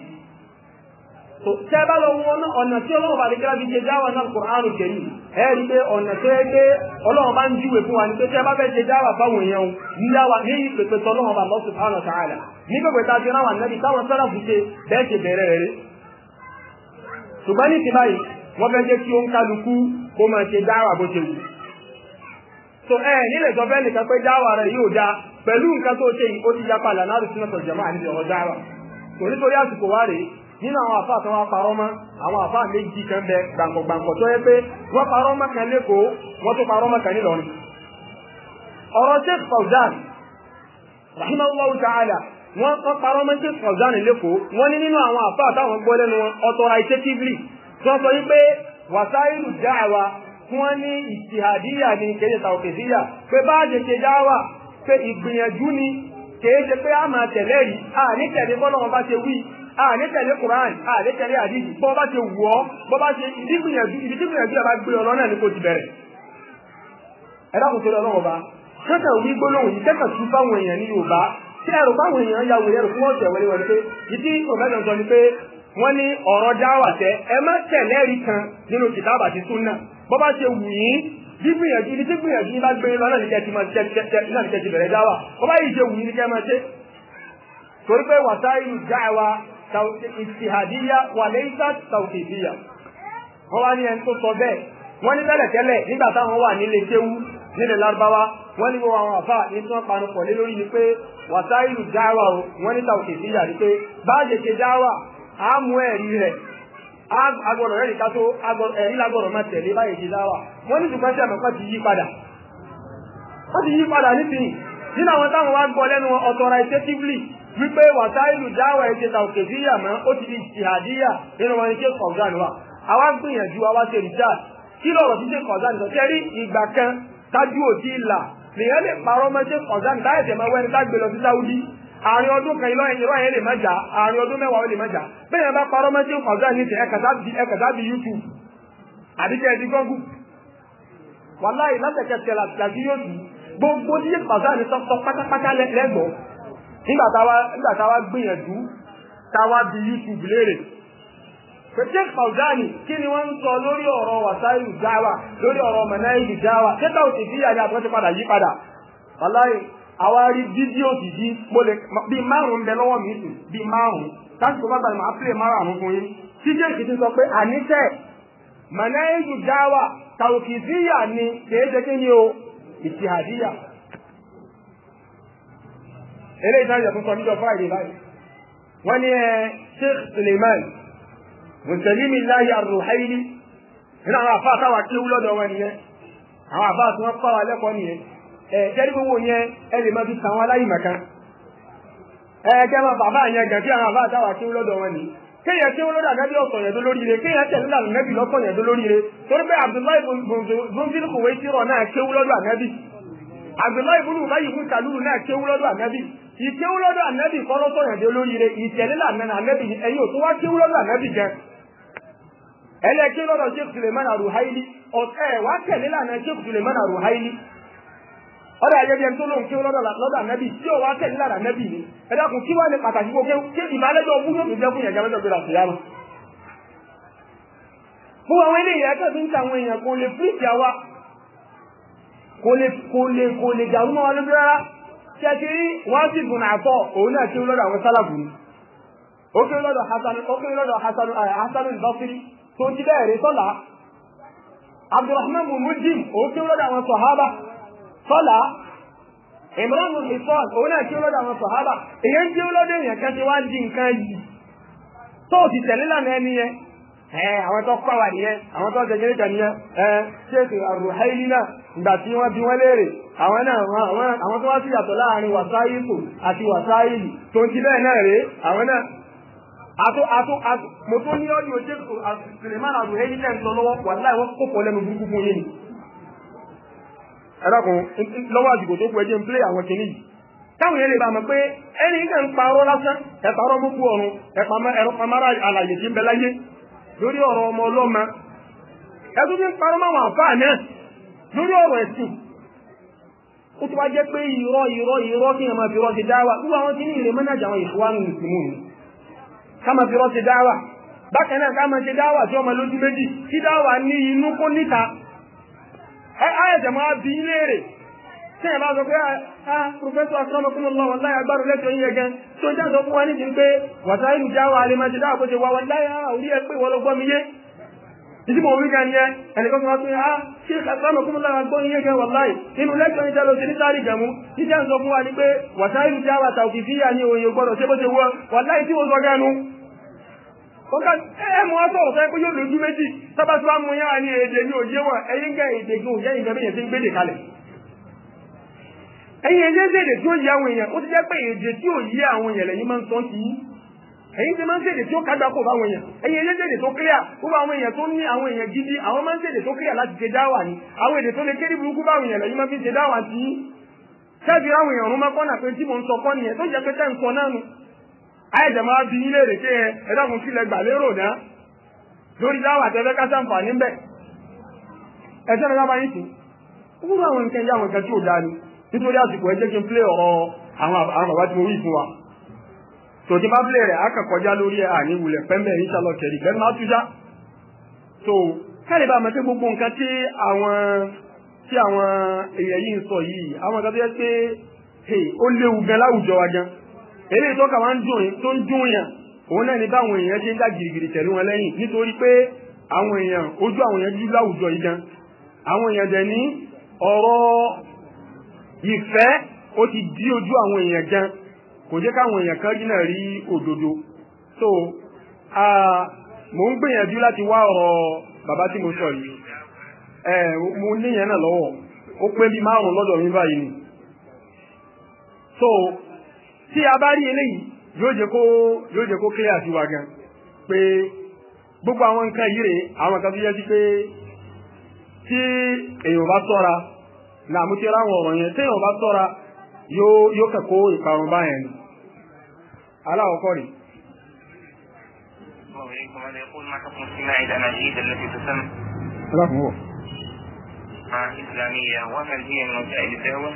tó tẹ́ bá lọ wọn ọ̀nà tí ọlọ́run bá lè kíra fi ṣe dáwà nínú Al-Qur'an kẹ́rì pé ọ̀nà tó yẹ pé ọlọ́run bá ń júwe fún wa ní pé tẹ́ fẹ́ dáwà èèyàn ní bá ní tá so ẹ nílẹ̀ sọ fẹ́ nìkan pé dáwà rẹ̀ yóò da pẹ̀lú nǹkan tó ṣe yìí ó ti yapa lànà àdùsí náà sọ̀rọ̀ jẹ̀mọ́ àníbi ọ̀rọ̀ dáwà kò nítorí àsìkò wá rèé nínú àwọn àfa àtàwọn apàrọ̀ mọ́ àwọn àfa méjì kan bẹ gbàǹkọ̀gbàǹkọ̀ tó yẹ pé wọ́n parọ́ mọ́ kan lẹ́kọ̀ọ́ wọ́n tó parọ́ mọ́ kan ọ̀rọ̀ ta'ala wọ́n parọ́ mọ́ lẹ́kọ̀ọ́ wọ́n ní nínú àwọn àfa àtàwọn gbọ́ lẹ́nu wọn wọ́n ní ìtìhàdíyà ní kéde tàwùkìdíyà pé bá a ṣe ṣe dáwà pé ìgbìyànjú ni kèé pé a máa tẹ̀lé rí a ní tẹ̀lé ọba wọn bá a ní tẹ̀lé Quran a ní tẹ̀lé àdìsí bọ́ bá ṣe wù ọ́ bọ́ bá ṣe ibi gbìyànjú ibi tí gbìyànjú yà bá gbé ọ lọ́nà ní kò ti bẹ̀rẹ̀. ẹ dákun bá wí gbólóhùn yìí tún ya wòye ẹrù fún ọ̀sẹ̀ wẹlé wọlé bọ́ bá ṣe wù yín gbígbìyànjú ibi tí gbìyànjú yín bá gbé lọ náà ní kẹ́ ti máa náà ní kẹ́ ti bẹ̀rẹ̀ dáwà bọ́ bá yìí ṣe wù yín ní kẹ́ máa ṣe. torí pé wàsáìlú dáwà ìtìhàdíyà wà lẹ́yìnsá tàwùkìdíyà. wọ́n wá ní ẹni tó sọ bẹ́ẹ̀ wọ́n ní tẹ́lẹ̀ tẹ́lẹ̀ nígbà táwọn wà nílé kéwú nílẹ̀ lárúbáwá wọ́n ní wọ́n àwọn àfà ní tí wọ́n panu pọ̀ lé lórí ni pé wàsáìlú dáwà wọ́n ní tàwùkìdíyà ni pé báàjẹ̀ ṣe dáwà àmú ẹ̀rí rẹ̀ agbọ̀rọ̀ rẹ̀ nìkan tó ìlàgbọ̀rọ̀ máa tẹ̀lé báyìí ṣe dáwà wọ́n ní ṣùgbọ́n sí àmọ́pá ti yí padà wọ́n ti yí padà nísìnyí nínú àwọn táwọn wá gbọ́ lẹ́nu authoritatively wípé wàsáìlù dáwà ẹ̀ ṣe ta òkè sí ìyàmọ́ ó ti di jihadiya nínú wọn ní ṣe kọ̀ọ̀dán wa àwa ń gbìyànjú àwa ṣe rìchard kí lọ̀rọ̀ ti ṣe kọ̀ọ̀dán sọ ṣe rí ìgbà kan tájú òtí ìlà nìyẹn lè parọ́ mọ́ ṣe kọ̀ọ̀dán táyẹ̀tẹ̀ máa wẹ́ni tá gbé lọ sí Saudi àárín ọdún kan ìlọ ẹ̀yìn ìrọ̀yẹn lè má àárín ọdún mẹ́wàá lè má bẹ́ẹ̀ bá parọ́ ọ̀dọ́ YouTube àdìkẹ́ ẹ̀dí gọ́gù wàláì látẹ̀kẹ̀tẹ̀ làtìlàtì yóò dùn gbogbo ní ìpàdé àmì sọ́sọ́ pátápátá lẹ́gbọ̀ọ́ nígbà táwa gbìyànjú táwa bí YouTube léèrè Sheikh Fawzani kí ni wọ́n ń sọ lórí ọ̀rọ̀ wàsáìlú dáwà lórí ọ̀rọ̀ mọ̀náìlú padà yí padà àwa rí fídíò dìdí mo lè bíi márùn-ún ń bẹ lọ́wọ́ mi sùn bíi márùn-ún lásìkò bá gbàgbé máa pèlè márùn-ún fún yín fídíò ìkìtì sọ pé àníṣe mọ̀nẹ́yìnjú dáwà tàwùkìdíyà ni kìí ṣe kí ni o ìtìhàdíyà eléyìí náà yẹ fún sọ níjọ Friday báyìí wọ́n ní ẹ Sheikh Suleiman mùsùlùmí láyé àrùháìlì nínú àwọn àfáà táwa kéwú lọ́dọ̀ wọn nìyẹn àwọn àfáà tí wọ́n pàwọn alẹ́kọ̀ọ́ nìyẹn e yẹn ẹ lè máa fi tàwọn aláìmọ̀kan ẹ̀ẹ́dẹ́ máa bàbá yẹn gàdí àwọn àbá àtàwà tí ó lọ́dọ̀ wọn ni kéèyàn tí ó lọ́dọ̀ àgbẹ̀bí ọ̀sọ̀ yẹn tó lóríire kéèyàn tẹ̀lé lọ́dọ̀ àgbẹ̀bí lọ́sọ̀ yẹn tó lóríire torí pé Abdullahi bonzil kò wé tirọ̀ náà kéwú lọ́dọ̀ àgbẹ̀bí Abdullahi bulu bayi náà yẹn tó ọ ayẹyẹ tó lóun kí lọ́dọ̀ ànábì tí ò wá tẹ̀lé lára ànábì ni ẹ dákun kí wá ní pàtàkì gbogbo kí ìbálẹ́jọ́ ogún yóò tún jẹ́ fún ìyànjẹ́ mẹ́jọ gbéra sí àwọn eléyìí ń ta àwọn èèyàn kò lè kò lè kò lè kò lè rárá ti rí sì gùn òun náà kí àwọn sálàbù ni ó kí tola imran al-hifan òun náà kí ó lọ́dọ̀ àwọn sọ̀hábà èyàn tí ó lọ́dọ̀ èèyàn kan ti wá so nǹkan yìí tó ti tẹ̀lé lànà ẹni yẹn ẹ àwọn tó pàwà nìyẹn àwọn tó jẹjẹrẹ kan nìyẹn ẹ ṣéèkì àrùháìlì náà ìgbà tí wọ́n bí wọ́n léèrè àwọn náà àwọn tó wá sí yàtọ̀ láàrin wàsáìlù àti wàsáìlì tó ń ti bẹ́ẹ̀ náà rèé àwọn náà mo tó ní ẹ̀dàkùn lọ́wọ́ àsìkò tó kù ẹjẹ́ ń plé àwọn kìíní yìí táwọn yẹn lè bá mọ̀ pé ẹni ń kàn parọ́ lásán ẹ̀parọ́ gbogbo ọ̀run ẹ̀rọ pamara àlàyé tí ń bẹ láyé lórí ọ̀rọ̀ ọmọ ọlọ́mọ ẹtú ti ń parọ́ máwọn àfáà náà lórí ọ̀rọ̀ ẹ̀sìn ó ti wá jẹ́ pé irọ́ irọ́ irọ́ kí ẹ̀ fi ti dá wa wíwá wọn ti ní ìrè mẹ́nàjà àwọn ni fi ti dá wa bákan náà ti dá wa ọmọ lójú méjì dá wa ní inú kó níta ayẹ̀jẹ̀ máa bí léèrè tí ẹ̀ bá sọ pé ah, ah professor akramakum allah wallahi agbára lẹ́tọ̀ yín yẹn gan tó ń jáde fún wa nídìí ń pé wàtá ìlú já wa alẹ́ máa ṣe dáa kó ṣe wa wallahi ah, orí ẹ pé wọ́n lọ gbọ́ mi yé ìdí mọ̀ wí gan ni ẹ ẹnìkan fún wa pé ah ṣé akramakum allah agbọ́ yín yẹn gan wallahi inú lẹ́tọ̀ yín jalo ṣe ní sáré ìjàmú jíjẹ́ ń sọ fún wa ni pé wàtá ìlú já wa tàwùkì fíyà ni òye gbọ́dọ̀ ṣe bó ṣe wọ wallahi tí mo sọ gan nu kọ́ńtà ẹ mọ aṣọ ọ̀sẹ̀ pé yóò lójú méjì sábà tí wàá mú yára ní èdè ní òye wọn ẹ̀yin gẹ èdè kí òye ìgbẹ́ bẹ́yẹn ti ń gbélé kalẹ̀ ẹ̀yin ẹ̀yẹ́ èdè tí ó yẹ àwọn èèyàn ó ti jẹ́ pé èdè tí ò yẹ àwọn èèyàn lẹ́yìn máa ń sọ́n sí ẹ̀yin ti máa ń ṣèdè tí ó kájọ kó fáwọn èèyàn ẹ̀yin èdè tó kílíà gbogbo àwọn èèyàn tó ní àwọn èèyàn gidi àwọn máa ń ṣèdè tó kílíà láti àìsàn máa bí yín léèrè pé ẹ dákun kí lẹ gbà lérò náà lórí dáwà tẹ́fẹ́ ká sàǹfààní bẹ́ẹ̀ ẹ̀sẹ̀ rẹ̀ lábàá yín sí wúrú àwọn nǹkan yá àwọn nǹkan tí ò dáa ni nítorí àsìkò ẹ jẹ́ kí n plé ọ̀rọ̀ àwọn bàbá tí mo wí fún wa tòtí bá plé rẹ̀ akàkọjá lórí ẹ̀ àní wulẹ̀ pẹ́ńbẹ́ inshallah kẹ̀rì bẹ́ẹ̀ máa tú já so káyọ̀ bá mẹ́tẹ́ gbogbo nǹkan tí àwọn tí àwọn èèyàn yìí ń sọ yìí àwọn nǹkan tó yẹ pé ó léwu gan láwùjọ wa gan eléyìí tó kà wá ń dùn tó ń dùn yàn òun náà ní báwọn èèyàn ṣe ń dá gìrìgìrì tẹ̀lé wọn lẹ́yìn nítorí pé àwọn èèyàn ojú àwọn èèyàn dúdú láwùjọ yìí gan àwọn èèyàn dẹ̀ ní ọ̀rọ̀ ìfẹ́ ó ti dí ojú àwọn èèyàn gan kò jẹ́ káwọn èèyàn kan rí rí òdodo so mò ń gbìyànjú láti wá ọ̀rọ̀ bàbá tí mo sọ yìí mo níyẹn náà lọ́wọ́ ó pé bí márùn-ún lọ́dọ̀ mi báyìí ni so tí a bá rí eléyìí yóò jẹ́ kó yóò jẹ́ kó clear sí wa gan pé gbogbo àwọn nǹkan yìí rè àwọn nǹkan tó yẹ sí pé tí èèyàn bá ṣọ́ra làmú ti ráwọn ọ̀rọ̀ yẹn tí èèyàn bá yóò kẹ́kọ̀ọ́ ìparun báyẹn ni aláwọ̀kọ́ rèé. ما هي الدعوة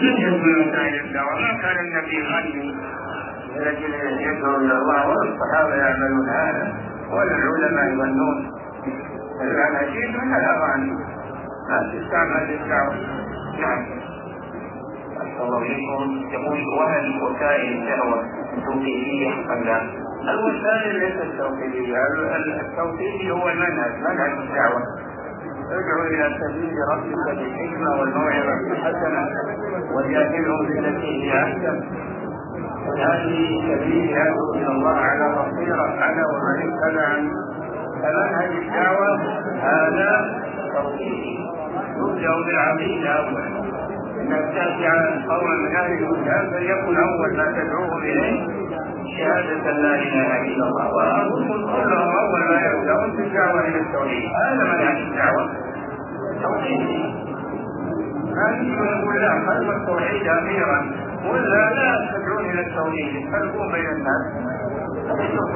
مما كان يبدا وما كان النبي غني لاجل يدعو الى الله والصحابه يعملون هذا والعلماء يغنون الاناشيد من الاغاني ما تستعمل للدعوه نعم أحسن الله إليكم يقول وهل وسائل الدعوة توقيفية أم لا؟ الوسائل ليست توحيدية، التوحيد هو المنهج، منهج الدعوة، ادعو الى سبيل ربك بالحكمه والموعظه الحسنه وجادلهم بالتي هي احسن هذه سبيل يدعو الى الله على بصيره انا ومن اتبعني فمنهج الدعوه هذا توحيدي يبدا بالعقيده اولا انك تاتي على قوما من اهل الكتاب فليكن اول ما تدعوهم اليه شهادة لا إله إلا الله وأنهم قوله أول ما يبدأون في الدعوة إلى التوحيد هذا منهج الدعوة التوحيد هذه يقول لا كلمة التوحيد أميرا ولا لا تدعون إلى التوحيد يفرقون بين الناس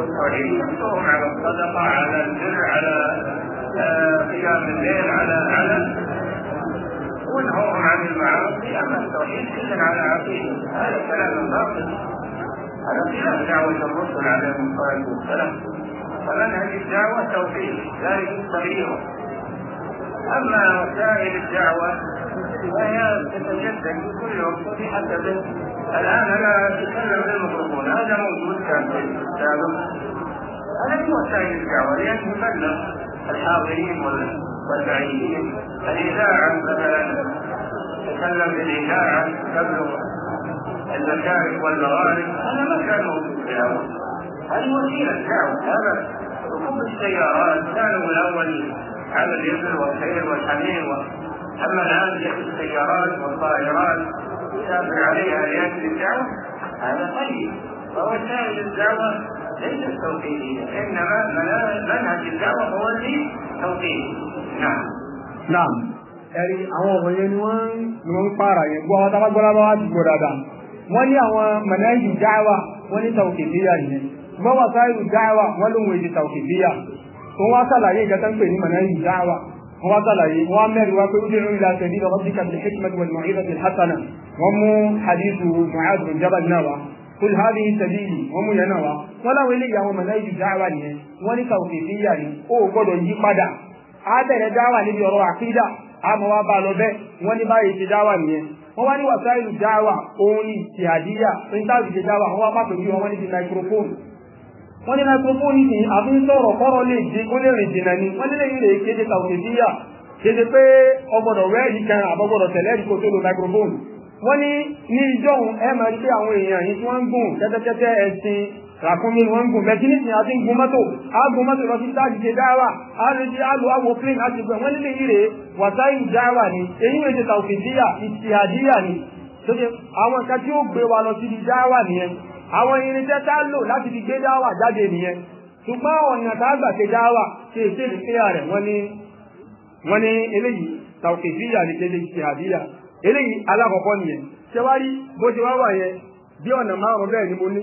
التوحيد يحثهم على الصدقة على البر على آه، قيام الليل على على ونهوهم عن المعاصي أما التوحيد كل على عقيده هذا كلام باطل على خلاف دعوة الرسل عليهم الصلاة والسلام فمنهج الدعوة توفيق ذلك تبليغه أما وسائل الدعوة فهي تتجدد بكل وقت بحسب الآن أنا أتكلم بالميكروفون هذا موجود كان في السابق هذه وسائل الدعوة لأن تبلغ الحاضرين والبعيدين الإذاعة مثلا تكلم بالإذاعة تبلغ المشارق والمغارب هذا ما كان موجود في الاول هذه وسيله الدعوه هذا ركوب السيارات كانوا الاولين على الابل والخيل والحمير اما الان السيارات والطائرات يسافر عليها لاجل الدعوه هذا طيب سائل الدعوه ليست توحيديه انما منهج الدعوه هو الذي توحيد نعم نعم ẹ̀rí àwọn ọmọ yẹn ni wọ́n ń para yẹn gbọ́ àwọn tábàgbọ́lá bá wà ti gbọ́ dáadáa wọ́n ní àwọn mọ̀nẹ́jù dáwà wọ́n ní tàwùkìdíyà nìyẹn ṣùgbọ́n wà sáyù dáwà wọ́n lóun èdè tàwùkìdíyà tó wá sàlàyé ìjọba ń pè ní mọ̀nẹ́jù dáwà wọ́n wá sàlàyé wọ́n á mẹ́rin wá pé ó dérò ìlà tẹ̀lé lọ́wọ́ bí kàbí hikmatu wal mu'izati hasana wọ́n mú hadithu mu'adh bin náà wá قل هذه سبيلي ومجنوا ولا ولي يوم ملايك دعوة ني ولي توقيفية او قدو يي قدا هذا دعوة ني بيرو عقيدة اما وابا لو wọ́n wá ní wàsáìlù dáwà òun ní ti àdíyà níntàbí ṣe dáwà wọ́n wá pàtó bí wọ́n ní ti microphone wọ́n ní microphone ní àfi ń sọ̀rọ̀ kọ́rọ̀ lè di ó lè rìn jìnnà ni wọ́n nílé ilé kéde tàwùkè díyà kéde pé ọgbọ́dọ̀ rẹ́ẹ̀dì kan wọ́n ní ní ìjọ́hun máa pé àwọn èèyàn yìí tí ẹ̀sìn ràkúnmí wọn ń gùn bẹ́ẹ̀ ní ìsìn àti ń gun mọ́tò aago mọ́tò lọ sí táàgì ṣe dáwà àrètí àlò àwọ̀ plane àti gbọ̀n wọn nílé ìrè wàsáì dáwà ni èyí wèé ṣe tàwùfìdíyà ìtìhàdíyà ni lóde àwọn kan tí ó gbé wa lọ síbi dáwà nìyẹn àwọn irinṣẹ́ tá a lò láti fi gbé dáwà jáde nìyẹn ṣùgbọ́n ọ̀nà tá a gbà ṣe dáwà ṣe èṣe ìpínlẹ̀ rẹ̀ wọ́n ní wọ́n ní eléyìí tàwùfìdíyà ni kéde ìtìhàdíyà eléyìí alákọ̀ọ́kọ́ nìyẹn ṣe bó ṣe wá wà yẹn bí ọ̀nà márùn-ún bẹ́ẹ̀ ni mo ní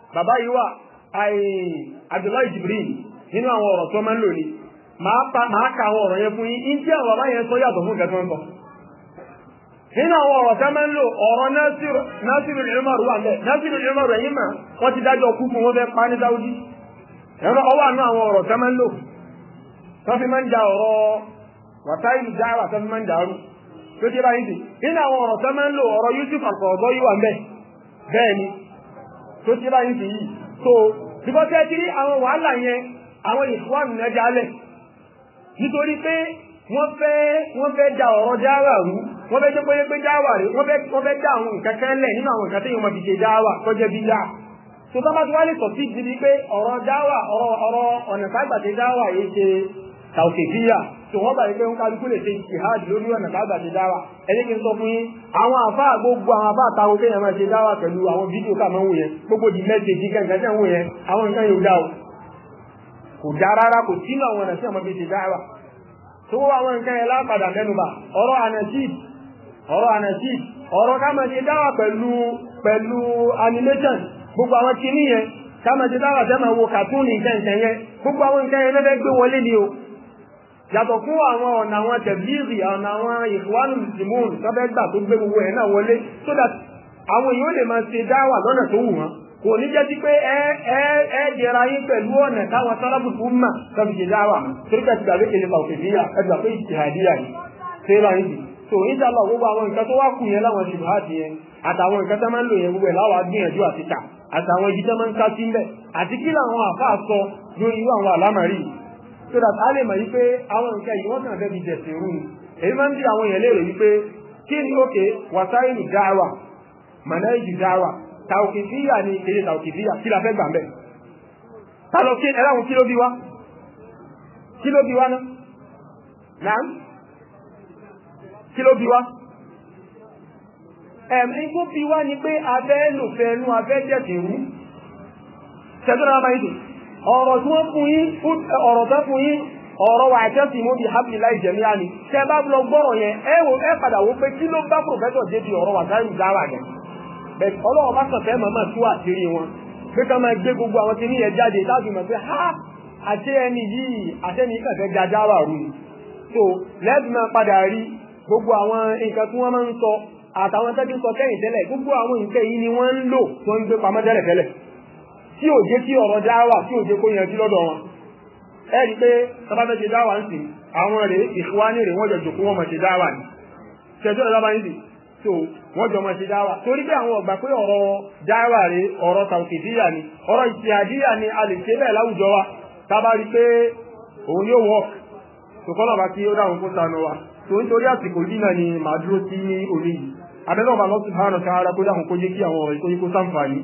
bàbá yìí wà Abdullahi Jibril nínú àwọn ọ̀rọ̀ tó máa ń lò ní ka àwọn ọ̀rọ̀ yẹn fún yín tí àwọn bàbá yẹn sọ yàtọ̀ fún ìgbẹ́tọ́ ń sọ nínú àwọn ọ̀rọ̀ tó máa ń lò ọ̀rọ̀ Nasiru Umaru wà mẹ́ Nasiru ẹ̀yìn mà wọ́n ti dájọ́ kú fún wọn fẹ́ pa ní ẹ̀rọ ọwọ́ àwọn ọ̀rọ̀ tó ti báyìí sì yìí so because ẹ ti rí àwọn wàhálà yẹn àwọn ìfúwàmù náà jálẹ̀ nítorí pé wọ́n fẹ́ wọ́n fẹ́ da ọ̀rọ̀ dáwà rú wọ́n fẹ́ jẹ́ pé dáwà rẹ̀ wọ́n fẹ́ wọ́n fẹ́ dá àwọn nǹkan kan nínú àwọn nǹkan téèyàn máa fi ṣe dáwà tọ́jẹ́ bí dáa so sábà tí wọ́n lè sọ sí ibi pé ọ̀rọ̀ dáwà ọ̀rọ̀ ọ̀nà tágbàtẹ́ dáwà yìí ṣe tàùkèfíyà tò wọ́n bá yìí pé ń kálukú lè ṣe jihad lórí ọ̀nà tábà ṣe dáwà ẹni n sọ fún yín àwọn àfa gbogbo àwọn àfa àtàwọn kéèyàn máa ṣe dáwà pẹ̀lú àwọn fídíò ká máa ń wò yẹn gbogbo di kankan tí àwọn yẹn àwọn nǹkan yóò dá o kò dá rárá kò sínú àwọn ọ̀nà tí àwọn fi ṣe dáwà àwọn nǹkan yẹn mẹ́nuba ọ̀rọ̀ ọ̀rọ̀ ọ̀rọ̀ ká gbogbo yàtọ̀ fún àwọn ọ̀nà àwọn tẹ̀bíìrì ọ̀nà àwọn ìwánù mùsùlùmí tọ́bẹ̀ gbà tó gbé gbogbo ẹ̀ náà wọlé so that àwọn èèyàn lè máa ṣe dáwà lọ́nà tó wù wọ́n kò ní jẹ́ sí pé ẹ ẹ jẹra yín pẹ̀lú ọ̀nà táwọn mà so inshallah gbogbo àwọn nǹkan tó wá kù yẹn láwọn ṣì máa yẹn àtàwọn nǹkan tó máa ń lò yẹn gbogbo ẹ̀ láwọn agbìyànjú àti àtàwọn ibi tó máa ń ká sí ń so that a lè mọ̀ yí pé àwọn nǹkan yìí wọ́n kàn fẹ́ fi jẹ̀sìn rú ni èyí máa ń bí àwọn èèyàn léèrè yí pé kí ni òkè wàsáìlì dáwà mànáìjì dáwà tàòkìfíyà ni èdè tàòkìfíyà kí la fẹ́ gbà mbẹ́ tàlọ́ kí ẹ̀ráwọn kí ló bí wá kí ló bí wá ná nàám kí ló bí wá ẹ̀mí tó bí wá ni pé abẹ́ lòfẹ́ nú abẹ́ jẹ̀sìn rú tẹ̀sán máa ń dùn. ọ̀rọ̀ tí wọ́n fún yín ọ̀rọ̀ tó fún yín ọ̀rọ̀ wà àjẹsì mú bí hábìlì láì jẹ̀mí àní bá lọ gbọ́rọ̀ yẹn ẹ ẹ padà wò pé kí ló bá pòfẹ́sọ̀ débi ọ̀rọ̀ wà sáyẹn dára yẹn bẹ́ẹ̀ ọlọ́wọ́ bá kàn fẹ́ màmá tú àṣírí wọn pé ká máa gbé gbogbo àwọn tí ní yẹn jáde láti mọ̀ pé ha àti ẹni yìí kàfẹ́ ni so lẹ́ẹ̀dì máa padà gbogbo àwọn nǹkan tí wọ́n máa ń sọ gbogbo àwọn nǹkan yìí ni wọ́n ń tí ò jẹ́ kí ọ̀rọ̀ dáwà tí ò jẹ́ kó yanjú lọ́dọ̀ wọn ẹ rí i pé sábàbẹ́ ṣe dáwà ń sìn àwọn rèé ìfúwání rèé wọ́n jọ jòkó wọ́n mọ̀ ṣe dáwà ni ṣẹjọ́ ìjọba wọ́n jọ mọ̀ ṣe dáwà torí pé àwọn ọ̀gbà pé ọ̀rọ̀ dáwà ọ̀rọ̀ tàùkìdíyà ni ọ̀rọ̀ ni a lè ṣe bẹ́ẹ̀ láwùjọ wa tábà rí pé òun yóò wọ̀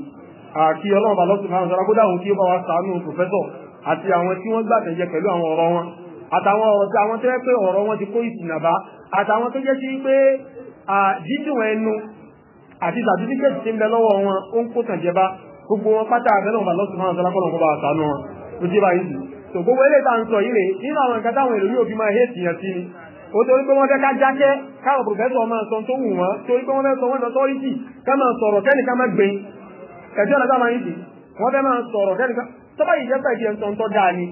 ó kí ọlọ́run bàlọ́ sí fáwọn sọ́ra kódà òun kí ó bá wa sàánú pòfẹ́sọ̀ àti àwọn tí wọ́n pẹ̀lú àwọn ọ̀rọ̀ wọn àtàwọn ọ̀rọ̀ tí àwọn tó yẹ pé ọ̀rọ̀ wọn ti kó ìsìnàbá àtàwọn tó jẹ́ sí pé dídùn ẹnu àti sàtífíkẹ́tì tí ń bẹ lọ́wọ́ wọn ó ń kó gbogbo wọn pátá àbẹ́lẹ̀ ọ̀bà lọ́sùn tó jẹ́ báyìí gbogbo eléyìí tá à ń sọ yìí rè ẹjọ́ lọ́gbà máa ń dì wọ́n fẹ́ máa sọ̀rọ̀ kẹ́nìkan tó bá yìí jẹ́pẹ̀ ìdíyẹn tó ń dáa ni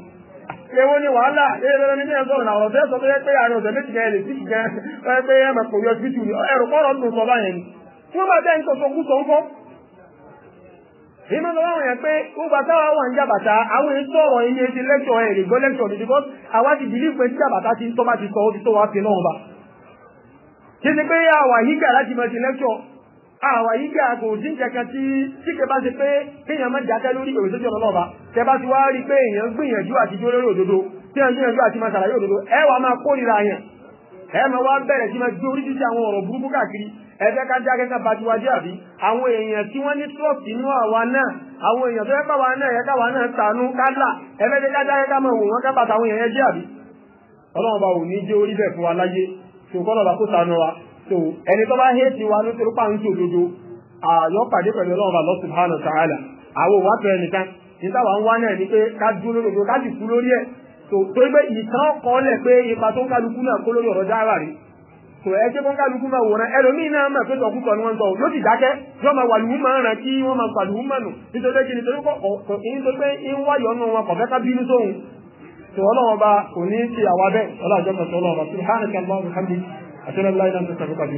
ewo ni wàhálà eré ní bíyẹn sọ̀rọ̀ náà ọ̀sẹ̀ sọ pé àárín ọ̀sẹ̀ méjì gan ẹlẹ́sì gan ẹ pé ẹ máa kòrí ọsibítù ni ẹrù kọ́rọ̀ ń àwa yìí kí aago òdì kankan tí tí kẹ bá ṣe pé kéèyàn má jáde lórí òwe sójú ọ̀nà lọ́ba tẹ bá ti wá rí i pé èèyàn gbìyànjú àti jó lórí òdodo tí èèyàn gbìyànjú àti máa ṣàlàyé òdodo ẹ wàá máa kórìíra yẹn ẹ máa wá bẹ̀rẹ̀ sí máa gbé oríṣiríṣi àwọn ọ̀rọ̀ burúkú káàkiri ẹgbẹ́ ká jáde ká bàtí wájú àbí àwọn èèyàn tí wọ́n ní trust inú àwa náà àwọn èèyàn tó yẹ káwa náà yẹ káwa náà tànú ká ẹgbẹ́ ká jáde ká máa wò wọ́n ká bàtà àwọn èèyàn so ẹni tó bá hé ti wa nítorí pàǹtí òdodo àyọ pàdé pẹ̀lú ọlọ́run Allah awọ wa ta'ala àwọn òwà fẹ́ nìkan níta wà ń wá náà ni pé ká dúró lódodo ká sì kú lórí ẹ̀ so tó gbé ìtàn kọ́lẹ̀ pé ipa tó ń kálukú náà kó lórí ọ̀rọ̀ dáhà rí so ẹ ṣe fún kálukú máa wòran ẹlòmíín náà máa pé ni yóò ti dákẹ́ yóò máa kí máa nítorí kí pé ń wọn ká bínú أشهد أن لا إله إلا أنت أستغفرك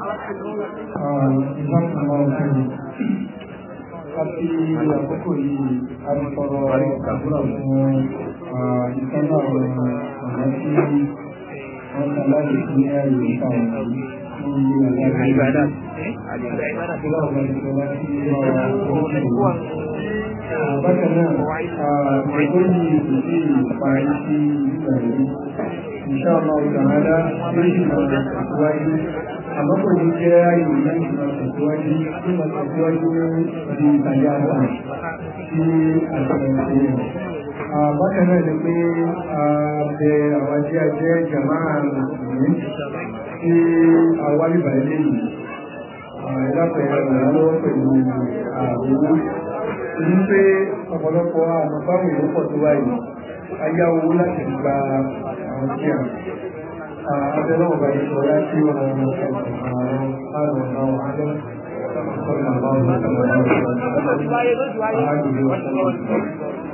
وأتوب إليك جزاكم الله خيرا àti àkókò yìí a ń fún ah, ìkánná àwọn ọ̀gá tí wọ́n ta ní àyè ìta ọ̀gá ibadat ibadat bákan náà ọ̀gbọ́n yìí kò sí ìparí sí ìgbàlódé ìṣàlọ́ ọ̀gbàmọ́dá lórí ìmọ̀ràn ìtẹ̀síwájú àmọ́ kò ní jẹ́ àyè ní ìmọ̀ràn ìtẹ̀síwájú tí mo tẹ̀síwájú di ìtàlẹ́ àgbà sí àtẹ̀yìnbó rẹ̀ bákan náà ni pé àbẹ̀ àwọn tí a tí àwa bíbà ilé yìí ìdápẹ̀ ìrànlọ́wọ́ pẹ̀lú àwòrán ní pé ọ̀pọ̀lọpọ̀ àwọn báwọn èèyàn pọ̀ tó wáyé ayá owó láti gba àwọn tí a abẹ́lọ́wọ̀ bá sọ láti ọ̀rọ̀ àrùn àwọn àjọ Thank you.